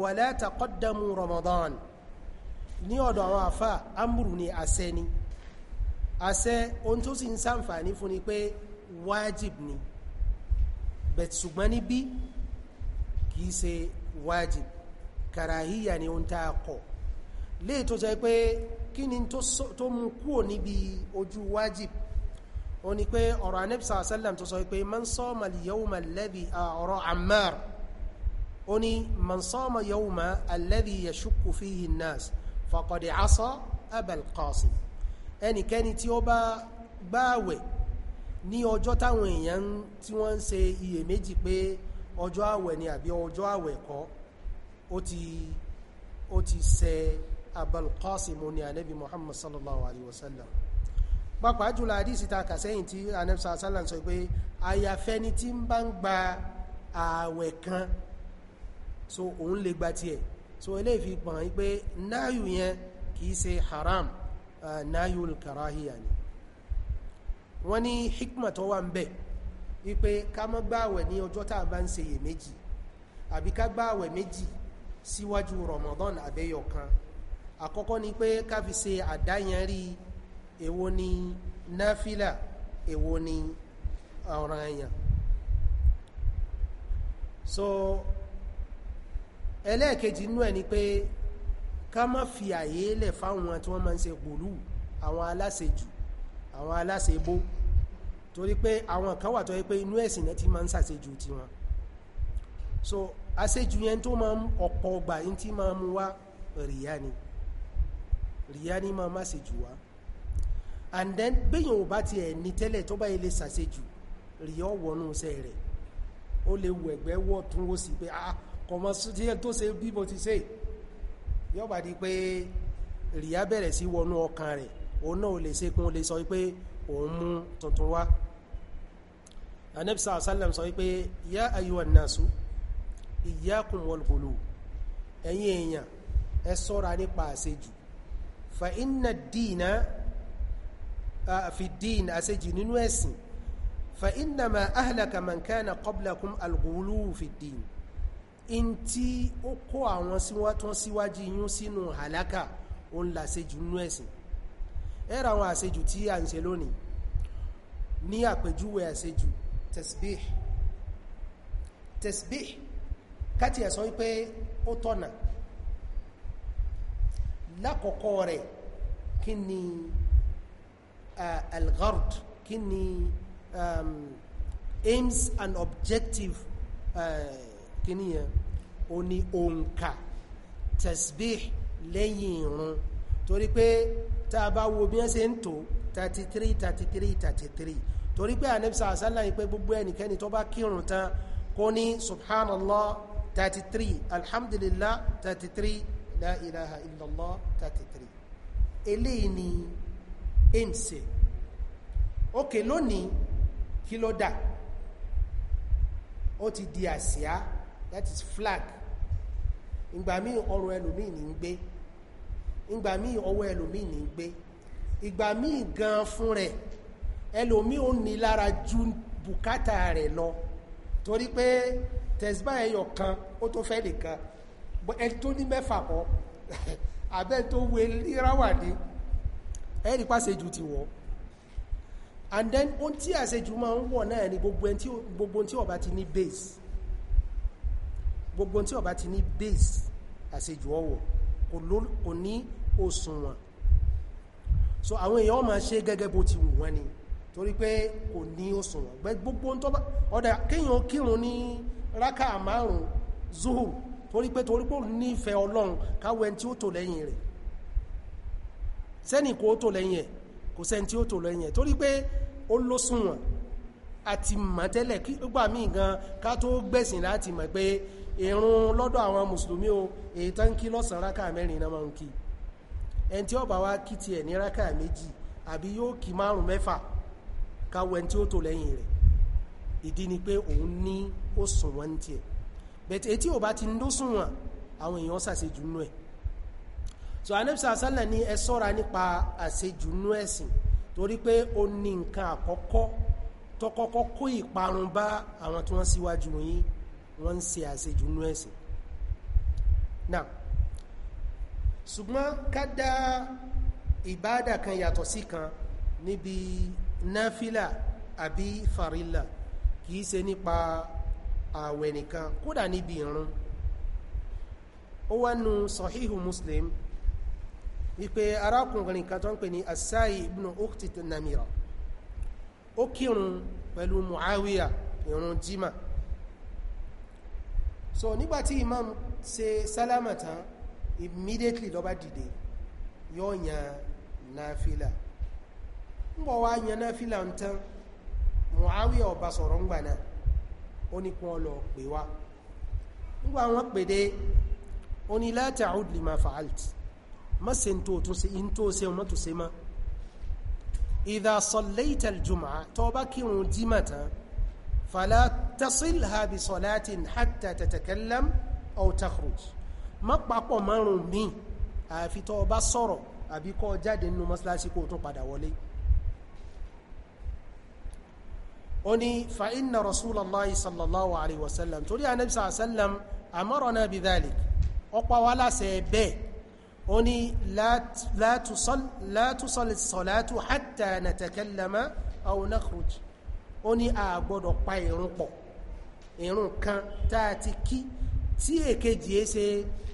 wala taqaddamu Ramadan ní ọ̀dọ̀ àwọn àfà amúrù ni àṣẹ ni àṣẹ ohun tó sì ń sàǹfààní fún ni pé wájib ni bẹ̀t ṣùgbọ́n níbí kìí ṣe wájib kàràhíyà ni ohun tá a kọ̀ léè tó jẹ́ pé kí ni tó mú kúrò níbi ojú wájib ó ní pé ọ̀rọ̀ anẹ́bìsà sálàm tó sọ pé man sọ́ọ̀mà yawma alladhi ọ̀rọ̀ ammar ó ní man sọ́ọ̀mà yawma alladhi yashukku fihi nnas faqad asa Abal Qasim ẹnikẹ́ni tí ó bá gbáàwẹ̀ ní ọjọ́ táwọn èèyàn tí wọ́n ń ṣe iyèméjì pé ọjọ́ àwẹ̀ ni àbí ọjọ́ àwẹ̀ kọ́ ó ti ó ti ṣe Abal Qasim ní Ànábì Muhammad sallallahu alaihi wasallam pàápàá jùlọ so òun lè so. fi I kpe naa yuuyen k'i say haram naa yiwulikarahi ya ni Wọn i hikmatọ wọn bɛ i kpe ka m gbaa wuuyen i yi ọjọ taa baa nsé ab'i ka gbaa wuuyen meeji si wájú rọmọdọn ab'ye ọ̀kán a n'i pe ka fisa a daa yaarị ị n'i naafila ị n'i ọrụ anya. ẹlẹ́ẹ̀kejì inú ẹ̀ ni pé ká má fi àyè lẹ̀ fáwọn tí wọ́n máa ń ṣe gbòlú àwọn aláṣejù àwọn aláṣebó torí pé àwọn kan wà tó yẹ pé inú ẹ̀sìn náà ti máa ń ṣàṣejù tiwọn so àṣejù yẹn tó máa ń ọ̀pọ̀ ọgbà yín tí máa mú wá rìyá ni rìyá ni máa má ṣejù wá and then gbẹ̀yìn ò bá tiẹ̀ ní tẹ́lẹ̀ tó bá yẹ lè ṣàṣejù rìyá ọ̀wọ́nú iṣẹ́ rẹ̀ ó lè wọ wọ̀ tún ó sì pé ah kọmọ tó ṣe bí mo ti ṣe yọba di pé rìyá bẹ̀rẹ̀ sí wọnú ọkàn rẹ̀ òun náà ò lè ṣe kún lè sọ pé òun mú tuntun wá anẹ́bísà sálẹ̀m sọ pé yá ayúwà nàásù ìyákùn wọlùkòlù ẹ̀yin èèyàn ẹ sọ́ra nípa àṣejù fa inna dìínà fi dìín àṣejù nínú ẹ̀sìn fa inna ma ahlaka man kana qablakum fi dìín in ti o kó àwọn síwátán síwájú yún sínú àlákà o ń làṣejù nú ẹ̀sìn ẹ́ra àwọn àṣejù tí a ń ṣe lónìí ní àpèjúwe àṣejù tesbih tesbih káti ẹ̀sọ́ wípé ó tọ̀nà lákọ̀ọ́kọ́ rẹ̀ kí ni algard kí ni um, aims and objective uh, kíní yẹn ó ní òǹkà tasbih lẹ́yìn ìrun torí pé tá a bá wo bí wọ́n ṣe ń tò 33 33 33 torí pé àníbsà àsálà yìí pé gbogbo ẹnikẹ́ni tó bá kírun tán kó ní subhanallah 33 alhamdulillah 33 la ilaha illallah 33 eléyìí ni ẹ̀mṣẹ̀ ókè lónìí kí ló dà ó ti di àsíá that is flag ìgbà míì ọrọ̀ ẹlòmíì ni ń gbé ìgbà míì ọwọ́ ẹlòmíì ní ń gbé ìgbà míì gan fún rẹ̀ ẹlòmíì ò ní lára ju bùkátà rẹ̀ lọ torí pé tẹ̀síbá ẹyọ kan ó tó fẹ́ nìkan ẹ tó ní mẹ́fà kọ́ abẹ́ <laughs> tó wé ríráwà ní ẹ̀rí pàṣẹjù ti wọ́ and then ohun tí àṣejù máa ń wọ̀ náà ni gbogbo tí ọba ti ní base gbogbo tí ó ti ní base àṣejù ọwọ̀ kò ní òṣùnwọ̀n so àwọn èèyàn máa ṣe gẹ́gẹ́ bó ti wù wọ́n ni torí pé kò ní òṣùnwọ̀n gbogbo tó bá ọ̀dà kéèyàn kírun ní rákà márùn zuhur torí pé torí pé nífẹ̀ẹ́ ọlọ́run káwọ ẹni tí ó tò lẹ́yìn rẹ̀ sẹ́nì kò tò lẹ́yìn ẹ̀ kò sẹ́ni ìrun lọ́dọ̀ àwọn mùsùlùmí o èyí tán kí lọ́sàn rákà mẹ́rin náà máa ń kí ẹn tí ó bá wá kí tiẹ̀ ní rákà méjì àbí yóò kí márùn mẹ́fà káwọ ẹn tí ó tó lẹ́yìn rẹ̀ ìdí ni pé òun ní ó sùn wọn tiẹ̀ bẹ̀tẹ̀ etí ò bá ti ń dó sùn wọn àwọn èèyàn ṣàṣejù nú ẹ̀ so anẹ́bísà sálẹ̀ ni ẹ sọ́ra nípa àṣejù nú ẹ̀sìn torí pé ó ní nǹkan àkọ́kọ́ tọkọ́kọ́ kó ìparun bá àwọn tí wọ́n síwájú yín wọ́n ń ṣe àṣejù nú ẹ̀sìn náà ṣùgbọ́n ká dá ìbáàdà kan yàtọ̀ sí kan níbi náfílà àbí farilla kìí ṣe nípa ààwẹ̀ nìkan kódà níbi ìrun ó wá nu sahihu muslim wípé arákùnrin kan tó ń pè ní asai ibn uqtit namira ó kírun pẹ̀lú muawiya ìrun jimá so nígbàtí imam ṣe sálámà tán immediately ló bá dìde yóò yan náfílà ń bọ̀ wá yan náfílà ń tán Muawiya ó bá sọ̀rọ̀ ńgbà náà ó ní kún ọlọ pè wá ńgbà wọn pèdé ó ní la ta'ud lima fa'alt má ṣe ń tó tún ṣe ń tó ṣe mọ́ tó ṣe mọ́ idha sallaita al bá kírun jímà tán فلا تصلها بصلاة حتى تتكلم أو تخرج ما بقى مرون مي àfi tó bá sọ̀rọ̀ àbí kó jáde nínú mọ́sálásí kó tún padà wọlé ó ní fa inna rasulallahi sallallahu alaihi wasallam torí anabi sallam amarana bi dhalik ó pa wá láṣẹ bẹ́ẹ̀ ó ní la tusall la tusalli salatu hatta natakallama ó ní a gbọ́dọ̀ pa ìrun pọ̀ ìrun kan tá a ti kí tí èkejì é ṣe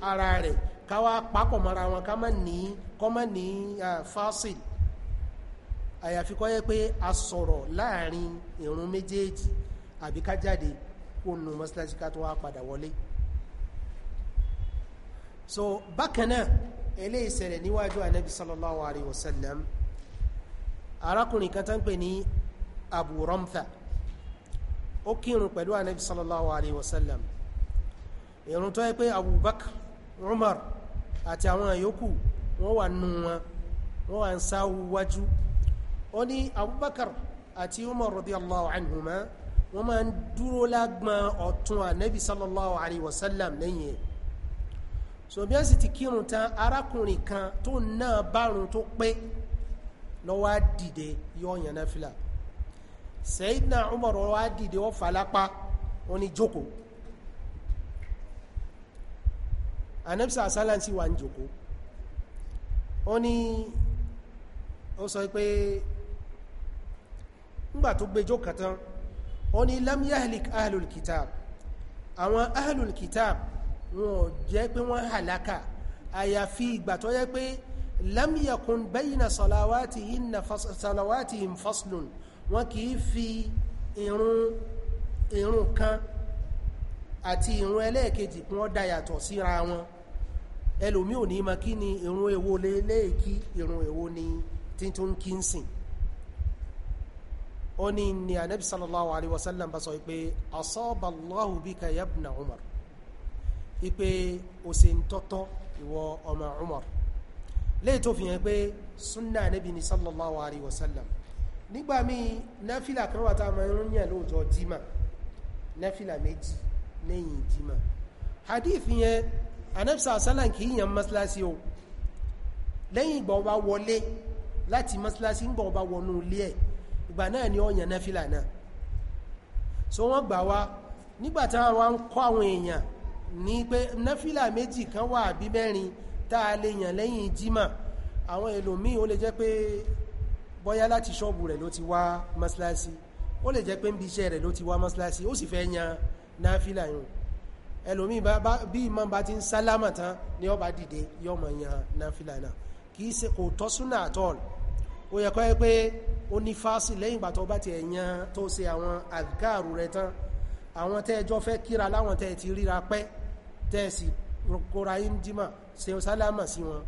ara rẹ̀ ká wá papọ̀ mọ́ra wọn ká má ní kọ́ má ní fásil àyàfi kọ́ yẹ pé a sọ̀rọ̀ láàrin ìrun méjèèjì àbí ká jáde kó nu mọ́sálásí ká tó wá padà wọlé so bákan náà eléyìí ṣẹlẹ̀ níwájú anabi sallallahu alayhi wa sallam arákùnrin kan tán pè ní abu ramtha ó kírun pẹ̀lú anabi sallallahu alayhi wa sallam ìrun tó yẹ pé abubakar umar àti àwọn yòókù wọ́n wà nù wọn wọ́n wà ń sáwú wájú ó ní abubakar àti umar radiyallahu anhuma wọ́n máa ń dúró lágbọn ọ̀tún anabi sallallahu alayhi wa sallam lẹ́yìn ẹ̀ so bí wọ́n sì ti kírun tán arákùnrin kan tó náà bárun tó pé ló wá dìde yọ yànnáfìlà Sayyidina Umar wá dìde wọ́n falápá wọ́n ní jókòó anẹ́bísà sálánsì wà ń jókòó ó ní ó sọ pé ńgbà tó gbẹjọ́ kàtán ó ní lam yahlik ahlul kitab àwọn ahlul kitab wọn ò jẹ́ pé wọ́n halaka àyàfi ìgbà tó yẹ pé lam yakun bayna salawatihim faslun wọn kì í fi irun irun kan àti irun ẹlẹ́ẹ̀kejì kún ọ́ dayàtọ̀ síra wọn ẹlòmí ò ní ma kí ni irun èwo lẹ́ẹ̀kí irun èwo ni títún kí ń sìn ó ní ni ànábì sallallahu alaihi wasallam bá sọ pé asaballahu bika yabna umar ipe òsè ń tọ́tọ́ ìwọ ọmọ umar léè tó fi hàn pé sunna ànábì ni sallallahu alaihi wasallam nígbà míì náfìlà kan wà tá a máa ń yàn lóòótọ́ jimá náfìlà méjì lẹ́yìn jimá hadith yẹn anabisa asalan kì í yan masilasi o lẹ́yìn ìgbà ọba wọlé láti masilasi ìgbà ọba wọnú ilé ẹ̀ ìgbà náà ni ó yan náfìlà náà so wọ́n gbà wá nígbàtí wọ́n ń kọ́ àwọn èèyàn ní pé náfìlà méjì kan wà bí mẹ́rin tá a lè yàn lẹ́yìn jímà àwọn ẹlòmíì ó lè jẹ́ pé bóyá láti ṣọ́ọ̀bù rẹ̀ ló ti wá mọ́sálásí ó lè jẹ́ pé ń bí iṣẹ́ rẹ̀ ló ti wá mọ́sálásí ó sì fẹ́ yan náfílà yùn ẹlòmí bí imam bá ti ń sálámà tán ni ó bá dìde yóò máa yan náfílà náà kì í ṣe kò tọ́ súnà at all ó yẹ kó yẹ pé ó ní fásì lẹ́yìn ìgbà tó bá ti yan tó ṣe àwọn àdìkáàrù rẹ̀ tán àwọn tẹ́ ẹjọ́ fẹ́ kíra láwọn tẹ́ ti ríra pẹ́ tẹ́ sì kóra yín dímà ṣe sálámà sí wọn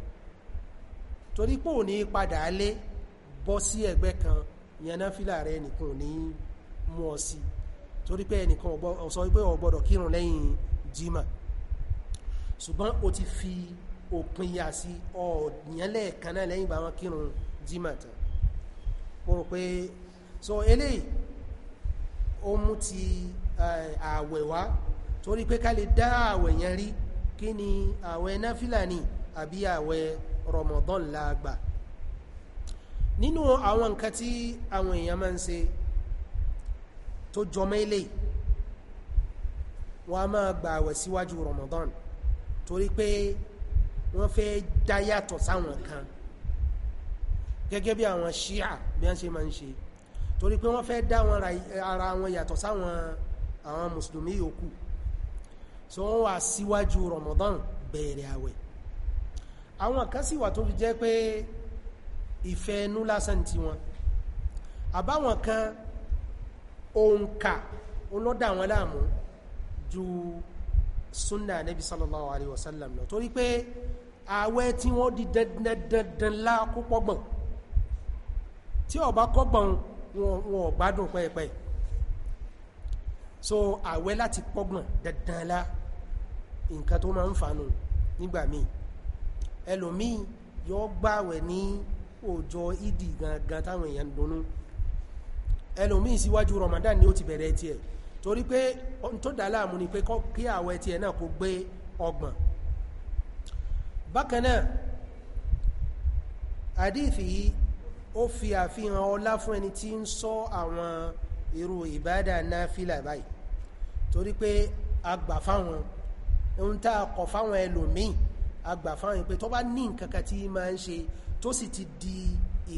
torí pé ní padà lé bọ́ sí ẹ̀gbẹ́ kan yanáfílà rẹ nìkan ní mú ọ sí torí pé ẹnìkan ọ̀sọ́ pé o gbọ́dọ̀ kírun lẹ́yìn jimá ṣùgbọ́n o ti fi òpin yà sí ọ̀ọ̀yẹ́lẹ̀ kan náà lẹ́yìn bá wọn kírun jimá tán mo rò pé so eléyìí ó mú ti ààwẹ̀ wá torí pé ká lè dá ààwẹ̀ yẹn rí kí ni ààwẹ̀ náfílà ni àbí ààwẹ̀ Ramadan la nínú àwọn nǹkan tí àwọn èèyàn máa ń ṣe tó jọmọ́ ilé wọ́n a máa gba àwẹ̀ síwájú Ramadan torí pé wọ́n fẹ́ dáyàtọ̀ sáwọn kan gẹ́gẹ́ bí àwọn Shia bí wọ́n ṣe máa ń ṣe torí pé wọ́n fẹ́ dá wọn ara wọn yàtọ̀ sáwọn àwọn mùsùlùmí yòókù so wọ́n wà síwájú Ramadan bẹ̀rẹ̀ àwẹ̀ àwọn kan sì wà tó fi jẹ́ pé ìfẹ́ inú lásán ti wọn àbáwọn kan òǹkà olódà wọn láàmú ju súnà nẹ́bí sallallahu alaihi wasallam lọ torí pé ààwẹ̀ tí wọ́n di dandandandan láàkú pọ́gbọ̀n tí ọba kọ́gbọ̀n wọn ò gbádùn pẹ́ẹ̀pẹ́ so ààwẹ̀ láti pọ́gbọ̀n dandan lá nǹkan tó máa ń fanu nígbà míì ẹlòmíì yóò gbààwẹ̀ ní òòjọ́ ìdì gangan táwọn èèyàn dunnú ẹlòmíì síwájú Ramadan ni ó ti bẹ̀rẹ̀ tiẹ̀ torí pé ohun tó dá láàmú ni pé kí àwẹ̀ tiẹ̀ náà kó gbé ọgbọ̀n bákan náà àdífì yìí ó fi àfihàn ọlá fún ẹni tí ń sọ àwọn irú ìbádà náfílà báyìí torí pé agbà fáwọn ohun tá a kọ̀ fáwọn ẹlòmíì agbà fáwọn pé tó bá ní nǹkan kan tí máa ń ṣe tó sì ti di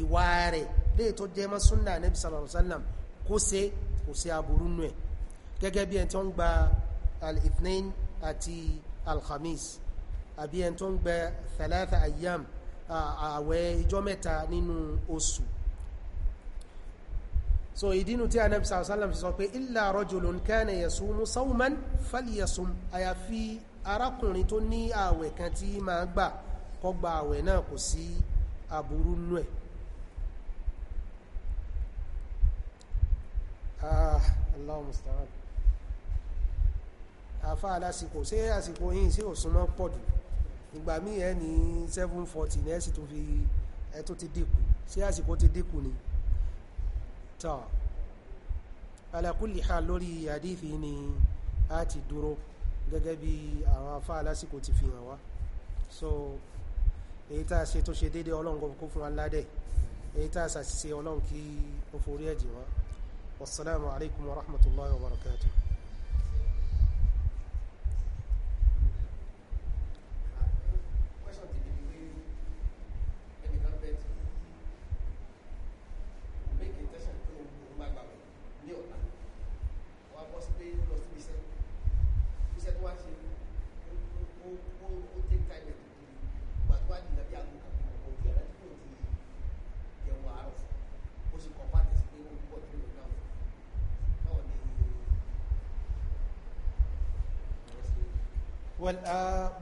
ìwà rẹ̀ léè tó jẹ́ mọ́ súnà nẹ́bí sallallahu alaihi wasallam kó ṣe kò ṣe aburú nù ẹ̀ gẹ́gẹ́ bí ẹni tó ń gba al-ithnain àti al-khamis àbí ẹni tó ń gba thalatha ayyam ààwẹ̀ ìjọ́ mẹ́ta nínú oṣù so ìdínú tí anabi sallallahu alaihi wasallam sọ pé illa rajulun kana yasumu sawman falyasum àyàfi arákùnrin tó ní ààwẹ̀ kan tí máa gbà kó gba ààwẹ̀ náà kò sí aburú nú ẹ̀ ah Allahu musta'an àfá alásìkò sí àsìkò yìí sí òsúnmọ́ pọ̀jù ìgbà míì ẹ ní 740 ní ẹ̀sì tó fi ẹ̀tọ́ ti dínkù sí àsìkò ti dínkù ni tọ́ ala kulli hal lórí àdífì ni a ti dúró gẹ́gẹ́ bí àwọn àfá alásìkò ti fi hàn wá so èyí tá a ṣe tó ṣe déédéé ọlọ́run kó fún wa ládẹ̀ èyí tá a ṣàṣìṣe ọlọ́run kí ó forí ẹ̀jì wọn wasalaamu alaykum wa rahmatulahi wa barakatuh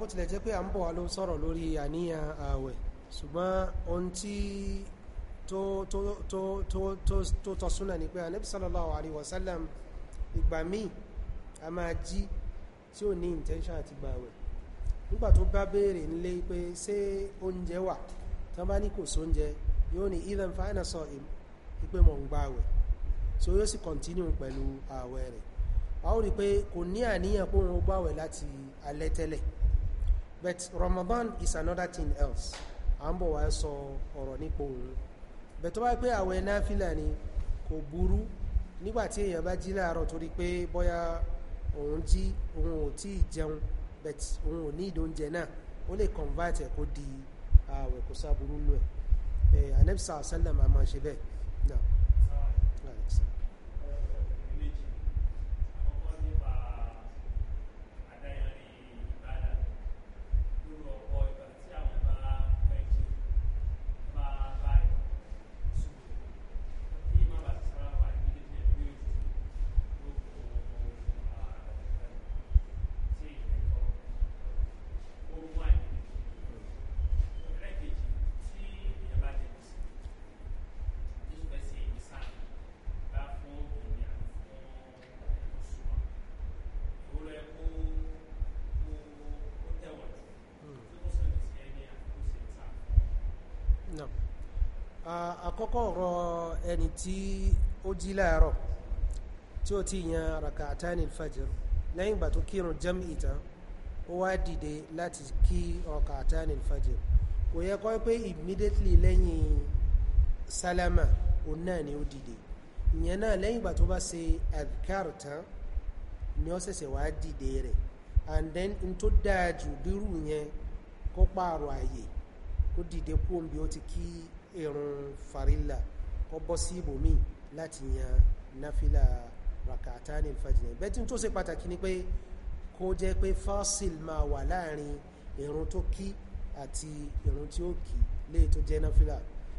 bó tilẹ̀ jẹ́ pé à ń bọ̀ wá ló sọ̀rọ̀ lórí àníyàn ààwẹ̀ ṣùgbọ́n ohun tí tó tó tó tó tó tó tọ́ súnà ni pé anabi sallallahu alayhi wa sallam ìgbà míì a máa jí tí ò ní intention àti gbààwẹ̀ nígbà tó bá béèrè nílé pé ṣé oúnjẹ wà tán bá ní kò sóúnjẹ yóò ní idhan fa ana sa'im gbààwẹ̀ tí ó yóò sì continue pẹ̀lú ààwẹ̀ rẹ̀ a ó rí pé kò ní àníyàn pé òun gbàwẹ̀ láti alẹ́ tẹ́lẹ̀ but Ramadan is another thing else à ń bọ̀ wá sọ ọ̀rọ̀ nípa òun but tó bá pé àwẹ̀ náfìlà ni kò burú nígbàtí èèyàn bá jí láàárọ̀ torí pé bóyá òun jí òun ò tí ì jẹun but òun ò ní ìdóúnjẹ náà ó lè convert ẹ̀ kó di àwẹ̀ kò sáburú nù ẹ̀ ẹ̀ anẹ́bísà sálẹ̀ máa ṣe bẹ́ẹ̀ náà jí láàárọ̀ tí ó ti yan raka'atani al-fajr lẹ́yìn ìgbà tó kírun jam ìtàn ó wá dìde láti kí raka'atani al-fajr kò yẹ kọ́ pé immediately lẹ́yìn salama òun náà ni ó dìde ìyẹn náà lẹ́yìn ìgbà tó bá ṣe adhkar tán ni ó ṣẹ̀ṣẹ̀ wá dìde rẹ̀ and then n tó dáa jù bírù yẹn kó pààrọ̀ àyè ó dìde kú ó ti kí irun farilla kó bọ́ sí ibòmíì láti yan náfílà rakatani fajr bẹ́ẹ̀ tí tó ṣe pàtàkì ni pé kó jẹ́ pé fásil máa wà láàrin ìrun tó kí àti ìrun tí ó kí léè tó jẹ́ náfílà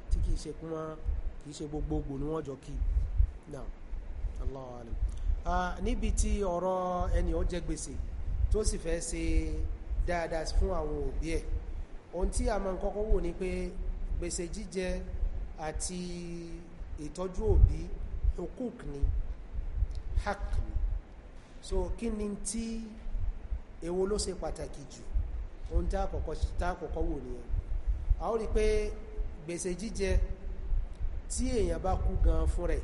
tí kìí ṣe kún wọn kìí ṣe gbogbogbò ni wọ́n jọ kí Allahu alam níbi tí ọ̀rọ̀ ẹni ó jẹ gbèsè tó sì fẹ́ ṣe dáadáa fún àwọn òbí ẹ̀ ohun tí a máa kọ́kọ́ wò ni pé gbèsè jíjẹ àti ìtọ́jú òbí hukuk ni hak ni so kí ni tí èwo ló ṣe pàtàkì jù ohun tá àkọ́kọ́ tá àkọ́kọ́ wò nìyẹn a ó rí pé gbèsè jíjẹ tí èèyàn bá kú gan fún rẹ̀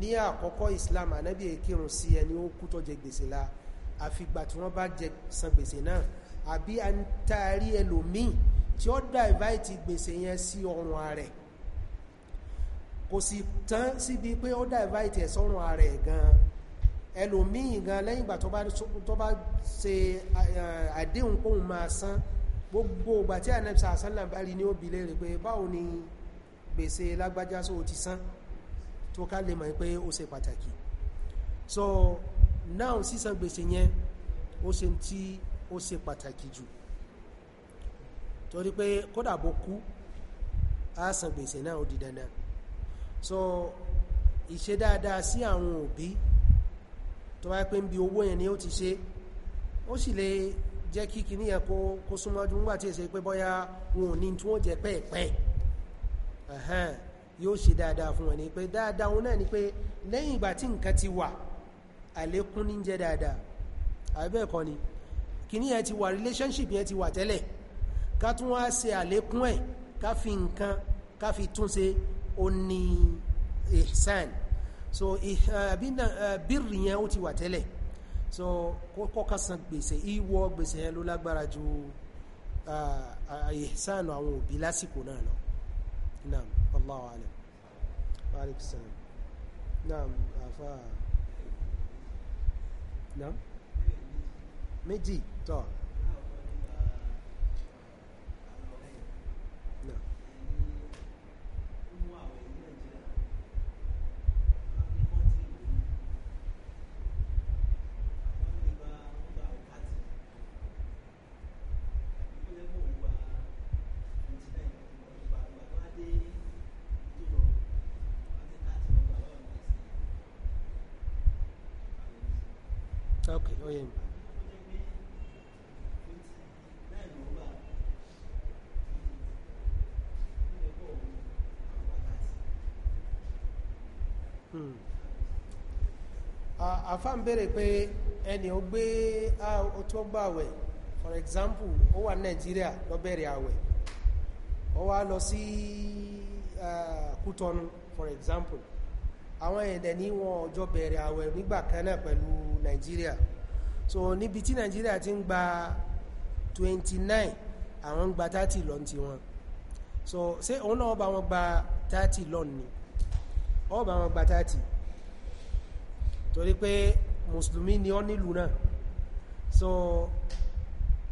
ní àkọ́kọ́ Islam anábì èkírun e sí ẹni ó kú tó jẹ gbèsè la àfìgbà tí wọ́n bá jẹ san gbèsè náà àbí a ń taari ẹlòmíì tí ó dá ìváìtì gbèsè yẹn sí ọrùn ààrẹ̀ kò sì tán síbi pé ó dàìváìtì ẹ̀ sọ́rùn ààrẹ gan ẹlòmíì gan lẹ́yìn ìgbà tó bá ṣe eh, àdéhùn kóhun máa san gbogbo ìgbà tí ànẹ́bìsà àsánlàm bá rí ní òbí léèrè pé báwo ni gbèsè lágbájá só ti san tó ká lè mọ̀ pé ó ṣe pàtàkì so now sísan gbèsè yẹn ó ṣe tí ó ṣe pàtàkì jù torí pé kódà bó kú á san gbèsè náà ó di dandan so ìṣe dáadáa sí àwọn òbí tó bá pé ń bi owó yẹn ni ó ti ṣe ó sì lè jẹ́ kí kìíní yẹn kó kó súnmọ́jú nígbà tí èsè pé bọ́yá wọn ò ní tí wọ́n jẹ pẹ́ẹ̀pẹ́ yóò ṣe dáadáa fún wọn ni pé dáadáa wọn náà ni pé lẹ́yìn ìgbà tí nǹkan ti wà àlékún ní jẹ́ dáadáa àbẹ́ẹ̀kọ́ ni kìíní yẹn ti wà relationship yẹn ti wà tẹ́lẹ̀ ká tún wá ṣe àlékún ẹ̀ ká fi nǹkan ká fi tún ṣe ó ní ihsan so eh, bírì eh, yẹn ó ti wà tẹ́lẹ̀ so kọ́kọ́ san gbèsè ìwọ gbèsè yẹn ló lágbára ju eh, ihsan àwọn òbí lásìkò náà lọ naam wallahu alam wa alaikum salam naam afa naam méjì tọ́ Onye mba. Hmm. àfa ń béèrè pé ẹni ó gbé for example o wa nigeria lọ bẹ̀rẹ̀ àwẹ̀ o wa lọ si Kútọnu for example àwọn ẹ̀dẹ̀ ni wọn ọjọ́ bẹ̀rẹ̀ àwẹ̀ nígbà kan náà nigeria so níbi tí nàìjíríà ti ń gba 29 àwọn ń gba 30 lọ́n ti wọn so ṣé òun náà bá wọn gba 30 lọ́n ni ó bá wọn gba 30 torí pé mùsùlùmí ni ó nílùú náà so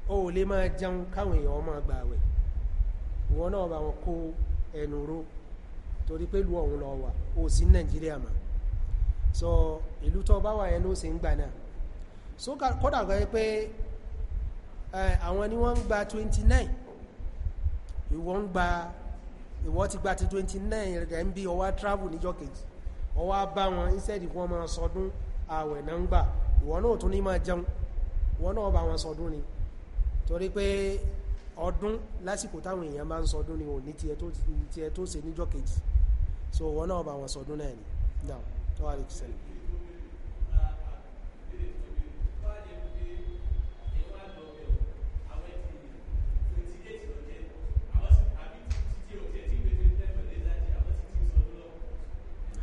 o ò lè máa jẹun káwọn èèyàn máa gbà wẹ̀ ìwọ náà bá wọn kó ẹnu ró torí pé ìlú ọ̀hún lọ wà ó sí nàìjíríà mà so ìlú tó bá wà ẹnu sì ń gbà náà so kódà kọ́ yẹ pé àwọn ni wọ́n ń gba 29 ìwọ ń gba ìwọ ti gba ti 29 rẹ̀ ń bí ọwá travel níjọ́ kejì ọwá bá wọn instead wọ́n máa sọdún àwẹ̀ náà ń gbà ìwọ náà tún ní máa jẹun ìwọ náà bá wọn sọdún ni torí pé ọdún lásìkò táwọn èèyàn bá ń sọdún ni ò ní tiẹ̀ tó ṣe níjọ́ kejì so ìwọ náà bá wọn sọdún náà ni now tó wà lè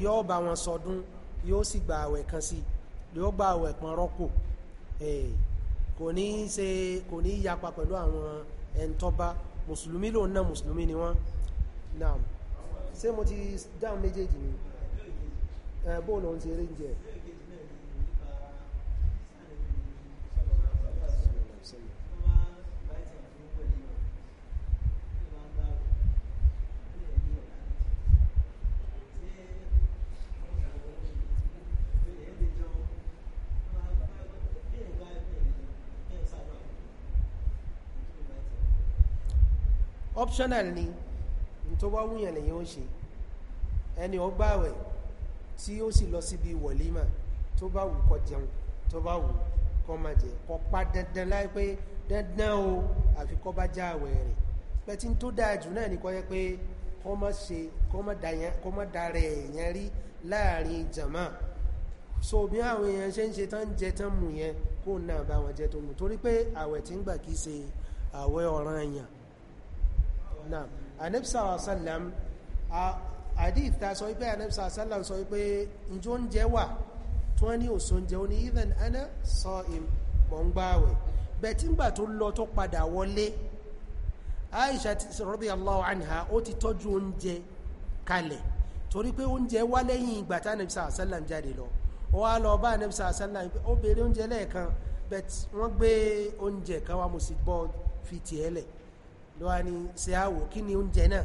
yóò bá wọn sọdún yóò sì gba àwẹ̀ kan sí yóò gba àwẹ̀ pọn rọ́pò kò ní ṣe kò ní yapa pẹ̀lú àwọn ẹ̀ńtọ́ba mùsùlùmí lòun náà mùsùlùmí ni wọ́n náà ṣé mo ti dáhùn méjèèjì ni bóòlù ohun ti rí ń jẹ́ optional ni tó bá wúyàn lèyìn ó ṣe ẹni ó gbààwẹ̀ tí ó sì lọ síbi wọ̀límà tó bá wù kó jẹun tó bá wù kó má jẹ kó pa dandan láì pé dandan o àfi kó bá já àwẹ̀ rẹ̀ pẹ̀tí tó dáa jù náà ni kó yẹ pé kó má ṣe kó má da rẹ̀ yẹn rí láàrin jama so bí àwọn èèyàn ṣe ń ṣe tán jẹ tán mú yẹn kó náà bá wọn jẹ tó mú torí pé àwẹ̀ tí ń gbà kìí ṣe àwẹ̀ ọ̀ranyàn náà anẹ́bísà sálàm àdíf ta sọ wípé anẹ́bísà sálàm sọ wípé njó ń jẹ wà tí wọ́n ní òsó ń jẹ ó ní even ana sọ im mọ̀ ń gbáwẹ̀ bẹ̀tí ngbà tó lọ tó padà wọlé Aisha radiyallahu anha ó ti tọ́jú oúnjẹ kalẹ̀ torí pé oúnjẹ wá lẹ́yìn ìgbà tá anẹ́bísà sálàm jáde lọ ó wá lọ bá anẹ́bísà sálàm ó béèrè oúnjẹ lẹ́ẹ̀kan bẹ̀t wọ́n gbé oúnjẹ kan wá mo sì bọ́ fi tiẹ̀ lẹ̀ ló wá ní ṣe àwò kí ni oúnjẹ náà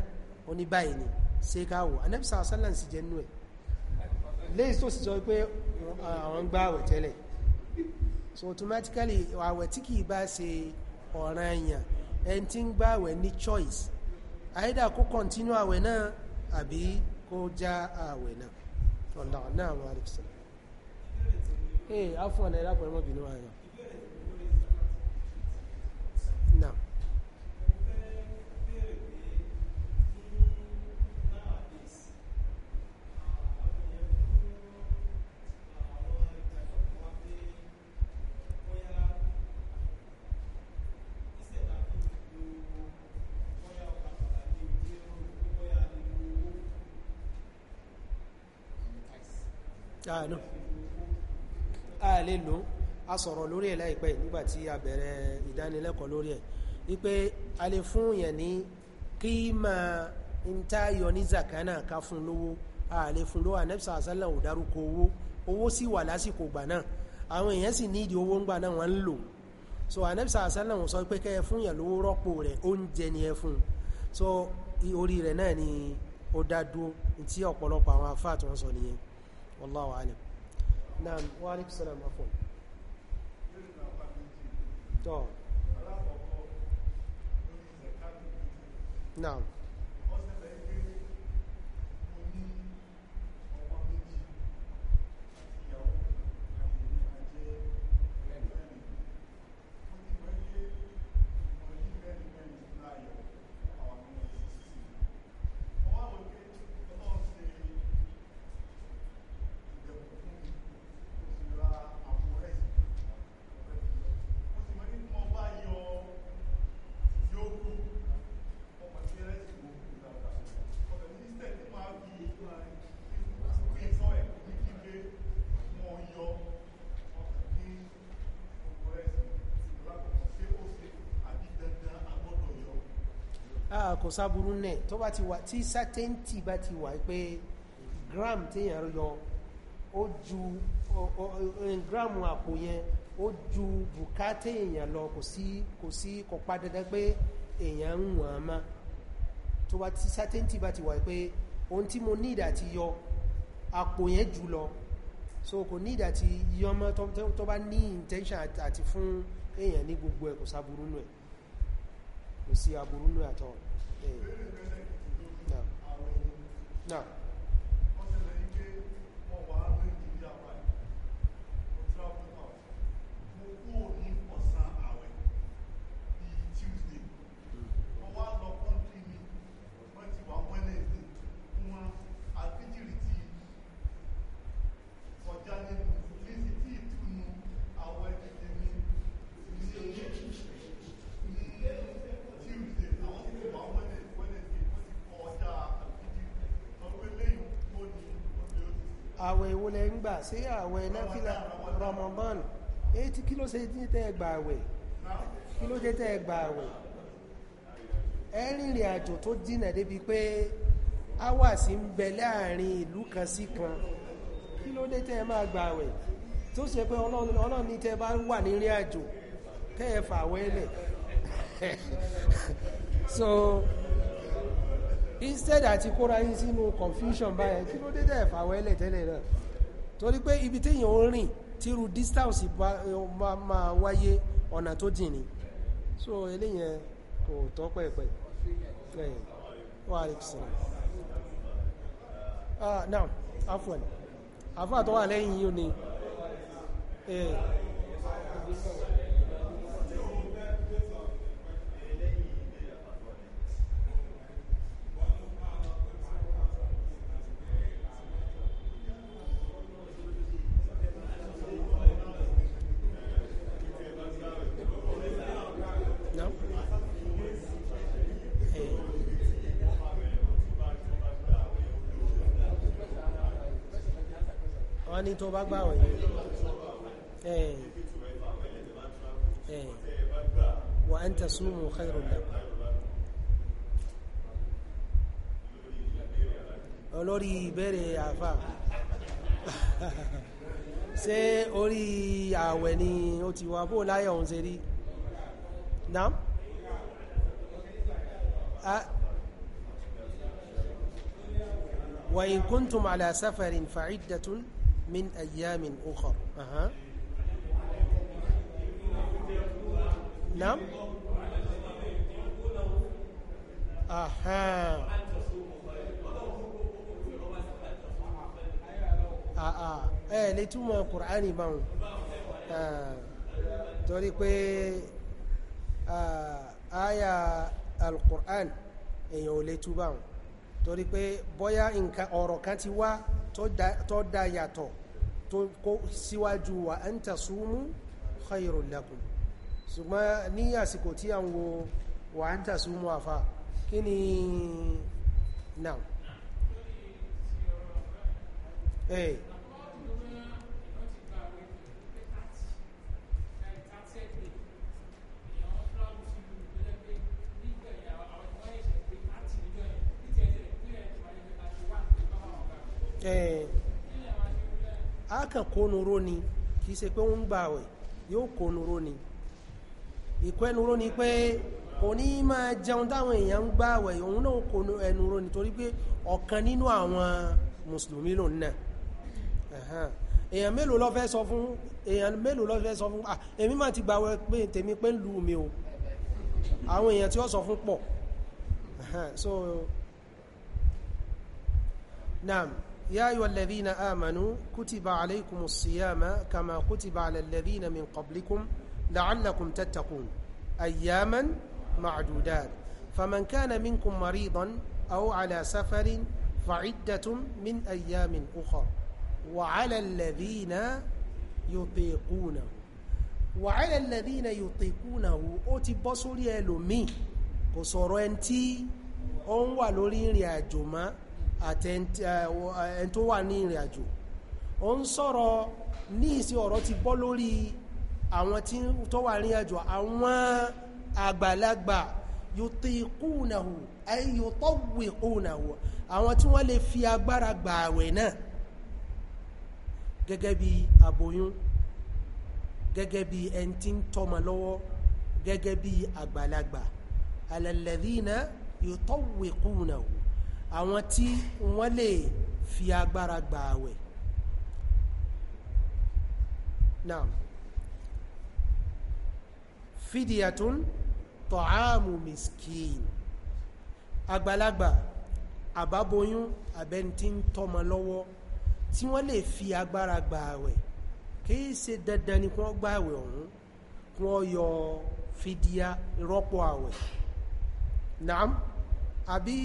ó ní báyìí ni ṣe káwò anẹ́bìsà ọ̀sánlá sì jẹ́ nú ẹ̀ léyìí tó sì sọ pé àwọn gbá àwẹ̀ tẹ́lẹ̀ so automatically àwẹ̀ tí kìí bá ṣe ọ̀ràn èèyàn ẹni tí ń gbá àwẹ̀ ní choice àìdá kó continue àwẹ̀ náà àbí kó já àwẹ̀ náà ọ̀là náà wà lè fi sẹ́lẹ̀ ee afọ ọ̀nà ẹ̀dá pẹ̀lú tàànù ah, a lè lò a sọ̀rọ̀ lórí ẹ̀ láìpẹ́ nígbàtí a bẹ̀rẹ̀ ìdánilẹ́kọ̀ọ́ lórí ẹ̀ wípé a lè fún yẹn ní kí máa ń tá yọ ní zakana ká fún lówó a lè fún lówó anẹ́bísà àsálà ò dárúkọ owó owó sì wà lásìkò gbà náà àwọn èèyàn sì ní ìdí owó ń gbà náà wọ́n ń lò so anẹ́bísà àsálà ò sọ pé kẹ́ ẹ fún yẹn lówó rọ́pò rẹ̀ oúnjẹ ni ẹ fún so orí rẹ̀ náà ni ó dá dúró tí ọ̀pọ̀lọpọ̀ àwọn afáàtì sọ nìyẹn والله أعلم نعم وعليكم السلام عفوا نعم kò sáburú nẹ̀ tó bá ti wà tí sátẹ́ǹtì bá ti wà pé gram téèyàn yọ ó ju eh, gram àpò yẹn ó ju bùkátà èèyàn lọ kò sí kò sí kò pa dandan pé èèyàn ń wọ̀n ma tó bá ti sátẹ́ǹtì bá ti wà pé ohun tí mo ní ìdà yọ àpò yẹn jù lọ so kò ní ìdà ti yọ mọ́ tó bá ní intention àti fún èèyàn ní gbogbo ẹ̀ kò sáburú nù ẹ̀ kò sí aburú ní àtọ̀ náà àwẹ̀ ìwo lẹ ń gbà sí àwẹ̀ náfìlà Ramadan èyí tí kí ló ṣe ní tẹ́ ẹ gbà àwẹ̀ kí ló dé tẹ́ ẹ gbà àwẹ̀ ẹ rìnrìn àjò tó dínà débi pé áwàsí ń bẹ láàrin ìlú kan sí kan kí ló dé tẹ́ ẹ máa gbà àwẹ̀ tó ṣe pé ọlọ́run ní tẹ́ bá wà nírìn àjò tẹ́ ẹ fà wẹ́lẹ̀ <laughs> so instead àti kóra yín sínú confusion báyẹn kí ló dé dẹ̀ fàwẹ́lẹ̀ tẹ́lẹ̀ náà torí pé ibi téèyàn ń rìn tíru distance bá máa wáyé ọ̀nà tó dì ní so eléyẹn kò tọ́ pẹ̀pẹ̀ fẹ́yìn wà lè sìn ah now afwan àfọ́ àtọ́wà lẹ́yìn yìí ni eh ní tó bá gbà wẹ̀ wa an tasumu khairun lakum olórí ìbéèrè àfà <laughs> ṣé orí ààwẹ̀ ni ó ti wà bó láyọ̀ òun ṣe rí وإن كنتم على سفر فعدة من أيام أخر أها. نعم أها àà ẹ lè túmọ̀ kùránì báhùn torí pé àyà alkùrán èyàn ò lè tú báhùn torí pé bóyá nǹkan ọ̀rọ̀ kan ti wá tó dá yàtọ̀ tó kó síwájú wa an tasumu khairul lakum ṣùgbọ́n ní àsìkò tí a ń wo wa an tasumu àfà kí ni náà Hey. Hey a kàn kónuró ni kìí ṣe pé wọ́n ń gbà wẹ̀ yóò kónuró ni ìkọ́ẹnuró ni pé kò ní máa jẹun táwọn èèyàn ń gbà wẹ̀ òun náà kò ẹnuró ni torí pé ọ̀kan nínú àwọn mùsùlùmí lòun náà èèyàn mélòó ló sọ fún èèyàn mélòó ló sọ fún èmi máa ti gbàwẹ̀ pé tèmi pé ń lu mi o àwọn èèyàn tí ó sọ fún pọ̀ so naam. يا أيها الذين آمنوا كتب عليكم الصيام كما كتب على الذين من قبلكم لعلكم تتقون أياما معدودات فمن كان منكم مريضا أو على سفر فعدة من أيام أخرى وعلى الذين يطيقونه وعلى الذين يطيقونه ó ti bọ́ sórí ẹlòmíì kò sọ̀rọ̀ ẹni àti ẹni tó wà ní ìrìn àjò ó ń sọ̀rọ̀ ní ìsìn ọ̀rọ̀ ti bọ́ lórí àwọn tí tó wà ní àjò àwọn àgbàlagbà yutiqunahu ay yutawwiqunahu àwọn tí wọ́n lè fi agbára gbà náà gẹ́gẹ́ bí aboyún gẹ́gẹ́ bí ẹni tí ń tọ́mọ lọ́wọ́ gẹ́gẹ́ bí àgbàlagbà alalladhina yutawwiqunahu àwọn tí wọ́n lè fi agbára gbà àwẹ̀ náà fídíyàtún tọ̀háàmù miskin àgbàlagbà àbáboyún àbẹ́ntí ń tọ́mọ lọ́wọ́ tí wọ́n lè fi agbára gbà àwẹ̀ kìí ṣe dandan ni kí wọ́n àwẹ̀ ọ̀hún kí wọ́n yọ fídíyà rọ́pò àwẹ̀ náà àbí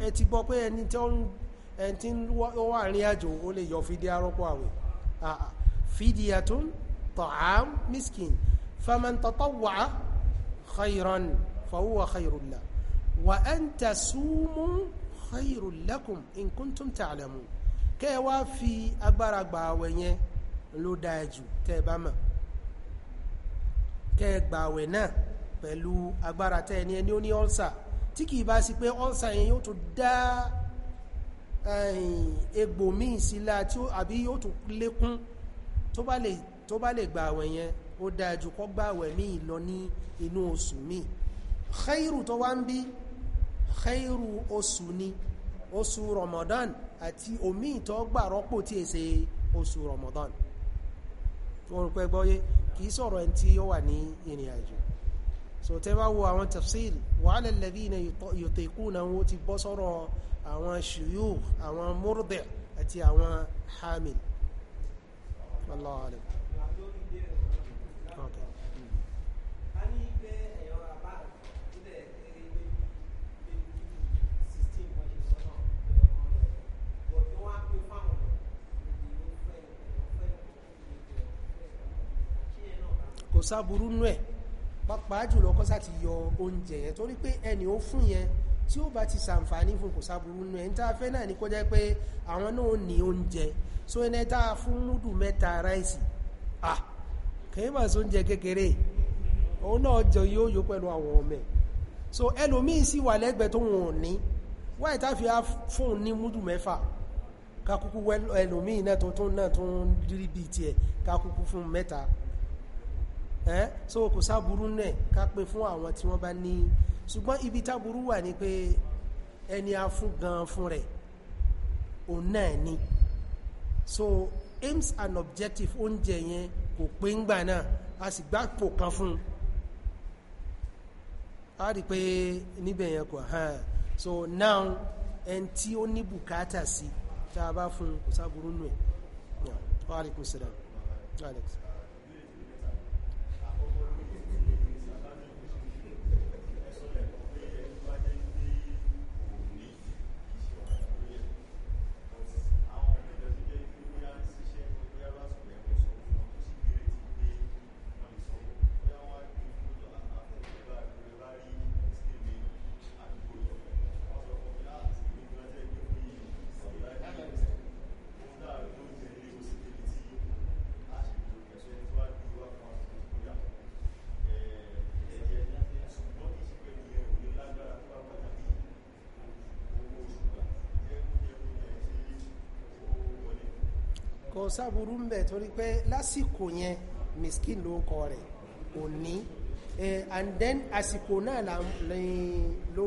ẹ ti gbọ́ pé ẹni tó ń ẹni tí ó wà rìn àjò ó lè yọ fídíà rọ́pò àwẹ̀ fídíyàtún ta'am miskin faman tatawwa'a khayran fahuwa khayrun lahu wa an tasumu khayrun lakum in kuntum ta'lamun fi agbára gba àwẹ̀ yẹn ló dáa jù tẹ́ bá mọ̀ náà pẹ̀lú agbára tẹ́ ẹni ẹni ó ní ọ́lsà tí kìí bá sí pé ọ́nsà yẹn yóò tó dá egbò míì sílá tí ó àbí yóò tó lékún tó bá lè gbà àwẹ̀ yẹn ó dájú kó gbà àwẹ̀ míì lọ ní inú oṣù míì khairu tó wá ń bí khairu oṣù ni oṣù Ramadan àti omi tó gbà rọ́pò tí è ṣe oṣù Ramadan tó rò pẹ́ gbọ́yé kìí sọ̀rọ̀ ẹni tí ó wà ní ìrìn àjò so tẹ́ bá wo àwọn tafsir wa ala alladhina yutiqunahu ti bọ́ sọ́rọ̀ àwọn shuyukh àwọn murdi' àti àwọn hamil wallahu alam okay. kò sáburú pàápàá jùlọ kọ́sà ti yọ oúnjẹ yẹn torí pé ẹni ó fún yẹn tí ó bá ti sàǹfààní fún kò sáburú nù ẹ̀ tá a fẹ́ náà ní kó jẹ́ pé àwọn náà ní oúnjẹ so ẹni tá a fún múdù mẹ́ta ráìsì ah kìí máa sóúnjẹ kékeré òun náà jẹ yóò yó pẹ̀lú àwọn ọmọ ẹ̀ so ẹlòmíì sì wà lẹ́gbẹ̀ẹ́ tó wọn ò ní wáyé tá a fi fún ní múdù mẹ́fà kakuku ẹlòmíì náà tó tún náà tó ń dírí bíi tiẹ̀ kakuku fún mẹ́ta ẹ́ so kò sáburú nẹ̀ ká pé fún àwọn tí bá ní ṣùgbọ́n ibi táburú wà ní pé ẹni a fún gan fún rẹ̀ òun náà ni so aims and objectives oúnjẹ yẹn kò pé ń náà a sì pò kan fún un a rí pé níbẹ̀ yẹn kò hàn so now ẹni tí ó ní bùkátà sí tá a bá fún kò sáburú nù wàhálà sáburú ń bẹ̀ torí pé lásìkò yẹn miskin ló kọ rẹ̀ òní and then àsìkò náà ló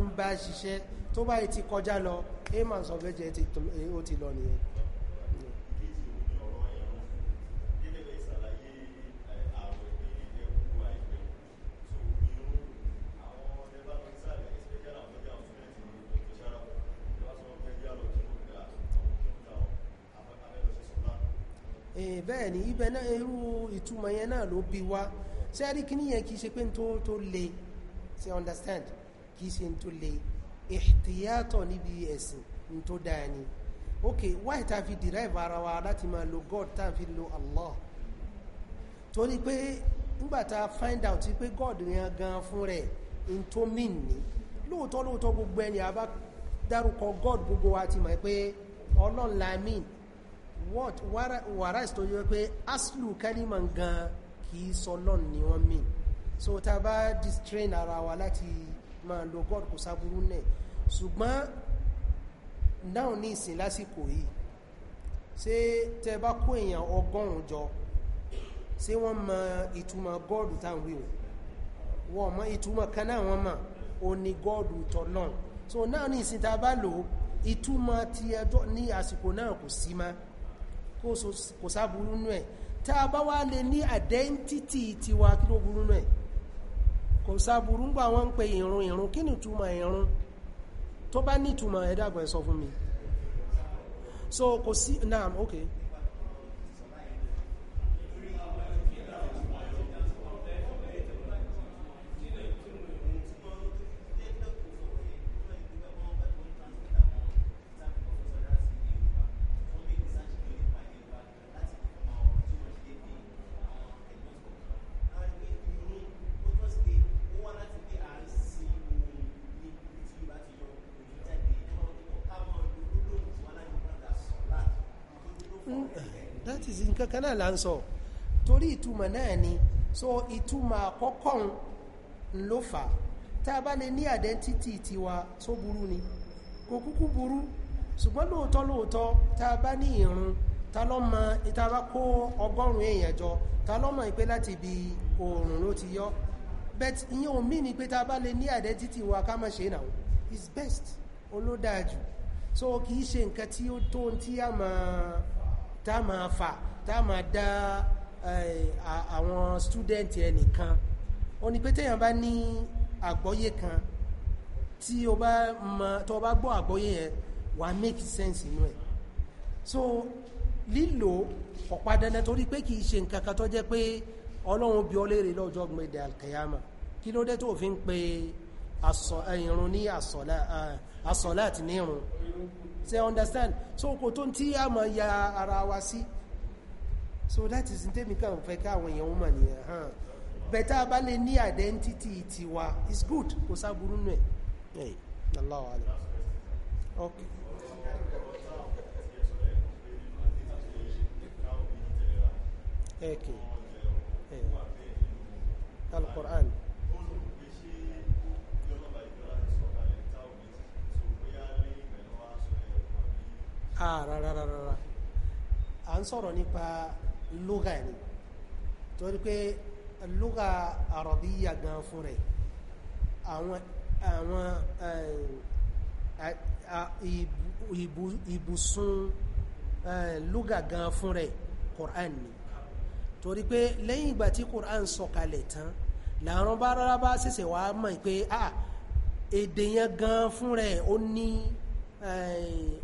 ń bá ṣiṣẹ́ tó bá ti kọjá lọ emma sọ fẹ́ ó ti lọ nìyẹn ni ibẹ̀ náà irú ìtumọ̀ yẹn náà ló bí wá ṣe rí kí níyẹn kìí ṣe pé tó tó le ṣe understand kìí ṣe tó le ìhtìyàtọ̀ níbi ẹ̀sìn tó dáa ni ok why ta fi derive ara wa láti máa lo God ta fi lo Allah torí pé nígbàtà find out pé God yẹn gan fún rẹ̀ in tó mean ni lóòótọ́ lóòótọ́ gbogbo ẹni a dárúkọ God gbogbo wa ti mọ̀ pé ọlọ́run la mean what wàrà tó yẹ pé aslu kaliman gan ki í sọ ni wọ́n mìn so ta bá train ara wa láti máa lo god kò sáburú nẹ̀ ṣùgbọ́n náà ní ìsìn lásìkò yìí ṣé tẹ bá kó èèyàn ọgọ́rùn-ún jọ ṣé wọ́n mọ god táwọn wí wọ́n mọ ma kan náà wọ́n mọ̀ ó god tọ̀ náà so náà ní ìsìn ta bá lò ìtumọ̀ ti ẹjọ́ ní àsìkò náà kò sí máa kò sá burú nú ẹ̀ tá a bá wá lè ní identity tiwa kí ló burú nú ẹ̀ kò sá burú gbà wọ́n ń pe ìrun ìrun kí ni túmọ̀ ìrun tó bá ní túmọ̀ ẹ sọ fún mi so kò sí naam okay náà là ń sọ torí ìtumọ̀ náà ni so ìtumọ̀ àkọ́kọ́ ń ló fà tá a bá lè ní àdẹ́ntítì tiwa só burú ni kò kúkú burú ṣùgbọ́n lóòótọ́ lóòótọ́ tá a bá ní ìrun ta ló mọ ìta bá kó ọgọ́rùn-ún èèyàn jọ ta ló mọ ìpé láti ibi oòrùn ló ti yọ bet ìyẹn ò mí ni pé ta bá lè ní àdẹ́ntítì wa ká má ṣe náà is best olódàájú so kì í ṣe nǹkan tí ó tó tí a máa fà tá a máa dá eh, àwọn student ẹnìkan ó ní pé téèyàn bá ní àgbọ́yé kan tí o bá mọ tó o bá gbọ́ àgbọ́yé yẹn wà á make sense inú ẹ̀ so lílo ọ̀pá dandan torí pé kìí ṣe nǹkan kan tó jẹ́ pé ọlọ́run bí ọ léèrè lọ́jọ́ gbẹ̀dẹ̀ alkayama kí ló dé tó fi ń pe eh, irun ní asọ̀lá eh, àti ní irun ṣe understand so kò tó ń tí a mọ̀ ya ara wa sí si so that is tèmi kàn fẹ́ káwọn èèyàn wọn mà nìyẹn hàn bẹ̀tà bá lè ní identity tiwa is good kò sáburú nù ẹ̀ ẹ̀ Allahu okay. Okay. Al-Quran. Ah, ra ra ra ra. À ń sọ̀rọ̀ nípa lúgà ni torí pé lúgà àrọ̀bíyà gan fún rẹ̀ àwọn àwọn ìbùsùn eh, eh, eh, lúgà gan fún rẹ̀ Qur'an ni torí pé lẹ́yìn ìgbà tí Qur'an sọ̀kalẹ̀ tán làwọn bá rárá bá ṣẹ̀ṣẹ̀ wá mọ̀ pé ah èdè yẹn gan fún rẹ̀ ó ní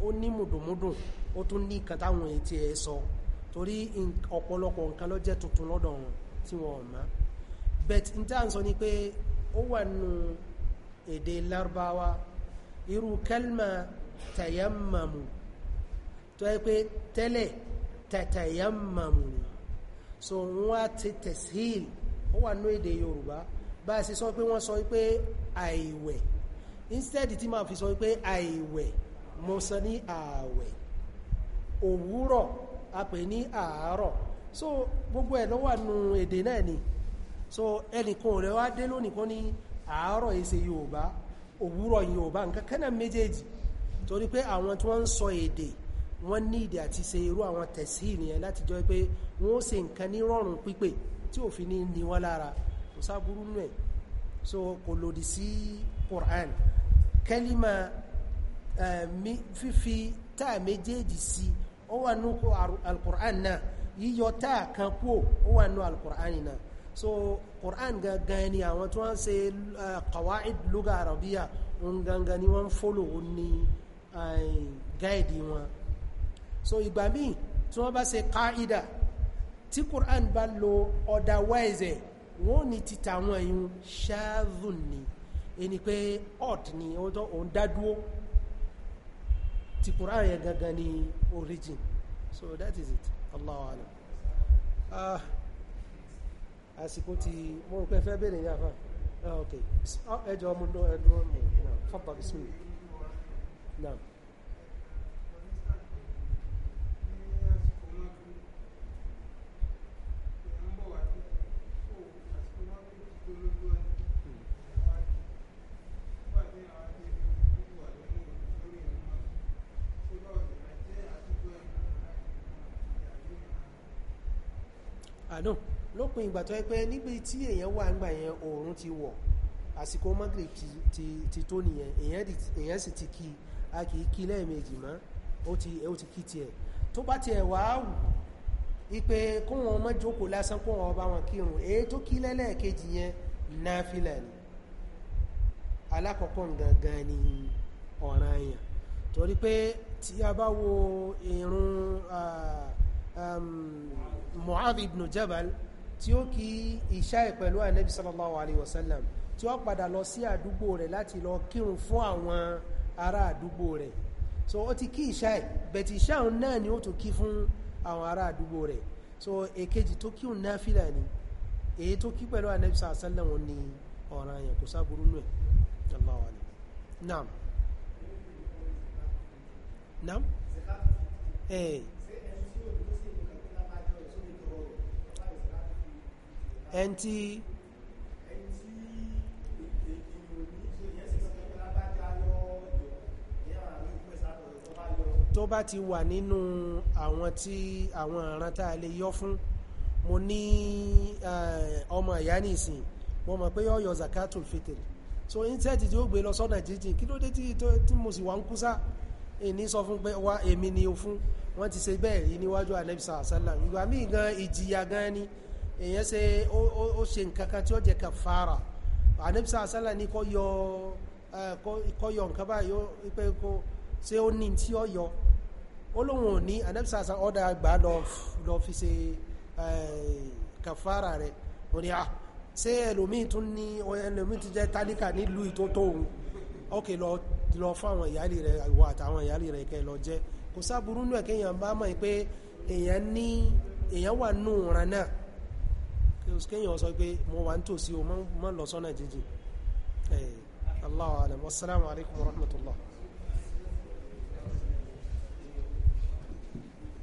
ó ní mùdùmùdùn ó tún ní nǹkan táwọn etí ẹ sọ. So torí ọ̀pọ̀lọpọ̀ nǹkan ló jẹ́ tuntun lọ́dọ̀ wọn tí wọn ò bet n tá à sọ ni pé ó wà nù èdè lárúbáwá irú kálmà tàyámàmù tó yẹ pé tẹ́lẹ̀ tàtàyámàmù so wọ́n á ti tẹ̀síl ó wà nù èdè yorùbá bá a sì sọ pé wọ́n sọ pé àìwẹ̀ instead tí máa fi sọ pé àìwẹ̀ mo sọ ní ààwẹ̀ òwúrọ̀ a ní àárọ̀ so gbogbo ẹ̀ ló wà nù èdè náà ni so ẹnìkan rẹ̀ wá dé lónìí kó ní àárọ̀ èsè Yorùbá òwúrọ̀ Yorùbá nǹkan kẹ́nà méjèèjì torí pé àwọn tí wọ́n ń sọ èdè wọ́n ní ìdí àti ṣe irú àwọn tẹ̀sí ìnìyàn láti jọ pé wọ́n ṣe nǹkan ní rọrùn pípé tí òfin ní ní wọ́n lára kò sáburú nù ẹ̀ so kò lòdì sí Qur'an kẹ́límà fífi táà méjèèjì sí i ó wà nú alkùrán náà yíyọ táà kan kú ó wà nú alkùrán náà so quran gangan ni àwọn tí wọ́n ṣe eh, qawaid luga arabiya wọn gangan ni wọ́n fọ́lò wọn ni eh, gáìdì wọn so ìgbà míì tí wọ́n bá ṣe qaida tí quran bá lo otherwise wọ́n ni títà wọn yìí ṣáàzùn ni ẹni pé odd ni òun dádúró ti Qur'an yẹn gangan ní origin so that is it Allahu alam ah àsìkò tí mo rò pé fẹ́ bèèrè ní àfà ah, ok ẹjọ ọmọ ẹdùn ọmọ fọ́pàá bismillah náà àná lópin ìgbà tó yẹ pé níbi tí èèyàn wà ńgbà yẹn oòrùn ti wọ̀ àsìkò magrib ti ti ti tó nìyẹn èèyàn sì ti kí a kì í kí lẹ́ẹ̀mejì mọ́ ó ti ó ti kí tiẹ̀ tó bá tiẹ̀ wá wù ipe kó wọn má jókòó lásán kó wọn bá wọn kírun èyí tó kí lẹ́lẹ́ẹ̀kejì yẹn náfìlà ni alákọ̀ọ́kọ́ gangan ni ọ̀ràn àyàn torí pé tí a bá wo ìrun ah, um, mu'adh ibn jabal tí ó kí ìṣáì pẹ̀lú ànábì sallallahu alayhi wa sallam tí ó padà lọ sí àdúgbò rẹ̀ láti lọ kírun fún àwọn ará àdúgbò rẹ̀ so ó ti kí ìṣáì bẹ̀tì ìṣáì náà ni ó tún kí fún àwọn ará àdúgbò rẹ̀ so èkejì tó kí òun náfìlà ni èyí tó kí pẹ̀lú ànábì sallallahu alayhi wa sallam ni ọ̀ràn àyàn kò sáburú nù ẹ̀ Allahu alayhi ẹni tí tó bá ti wà nínú àwọn tí àwọn ìran tá a lè yọ fún mo ní ọmọ ìyá nìsín mo mọ̀ pé yọ́ yọ zakatul fitr so insect tí ó gbé lọ sọ́nà jíjìn kí ló dé tí mo sì wá ń kú ìní sọ fún pé wá èmi ni o fún wọ́n ti ṣe bẹ́ẹ̀ níwájú ànẹ́bísà àsálà ìgbà míì gan ìjìyà gan ni èyàn ṣe ó ṣe nǹkankan tí ó jẹ kàfàrà àníbísà àṣálà ní kọ́ yọ kọ́ yọ nǹkan báyìí pé kó ṣe ó ní tí ó yọ ó lóun ò ní àníbísà àṣálà ọ̀dà gbà lọ fi ṣe kàfàrà rẹ̀ ó ní à ah, ṣé ẹlòmíì tún ní ẹlòmíì tún jẹ́ tálíkà nílùú ìtótó òun ókè lọ lọ fáwọn ìyáálì rẹ̀ ìwọ àtàwọn ìyáálì rẹ̀ kẹ́ lọ jẹ́ kò sáburú nù ẹ̀kẹ́yàn bá mọ̀ pé èèyàn ní èèyàn wà nù ràn náà kéèyàn sọ pé mo wà nítòsí o má lọ sọ́nà jíjìn ẹ̀ Allahu alam wasalaamu alaykum wa rahmatullah.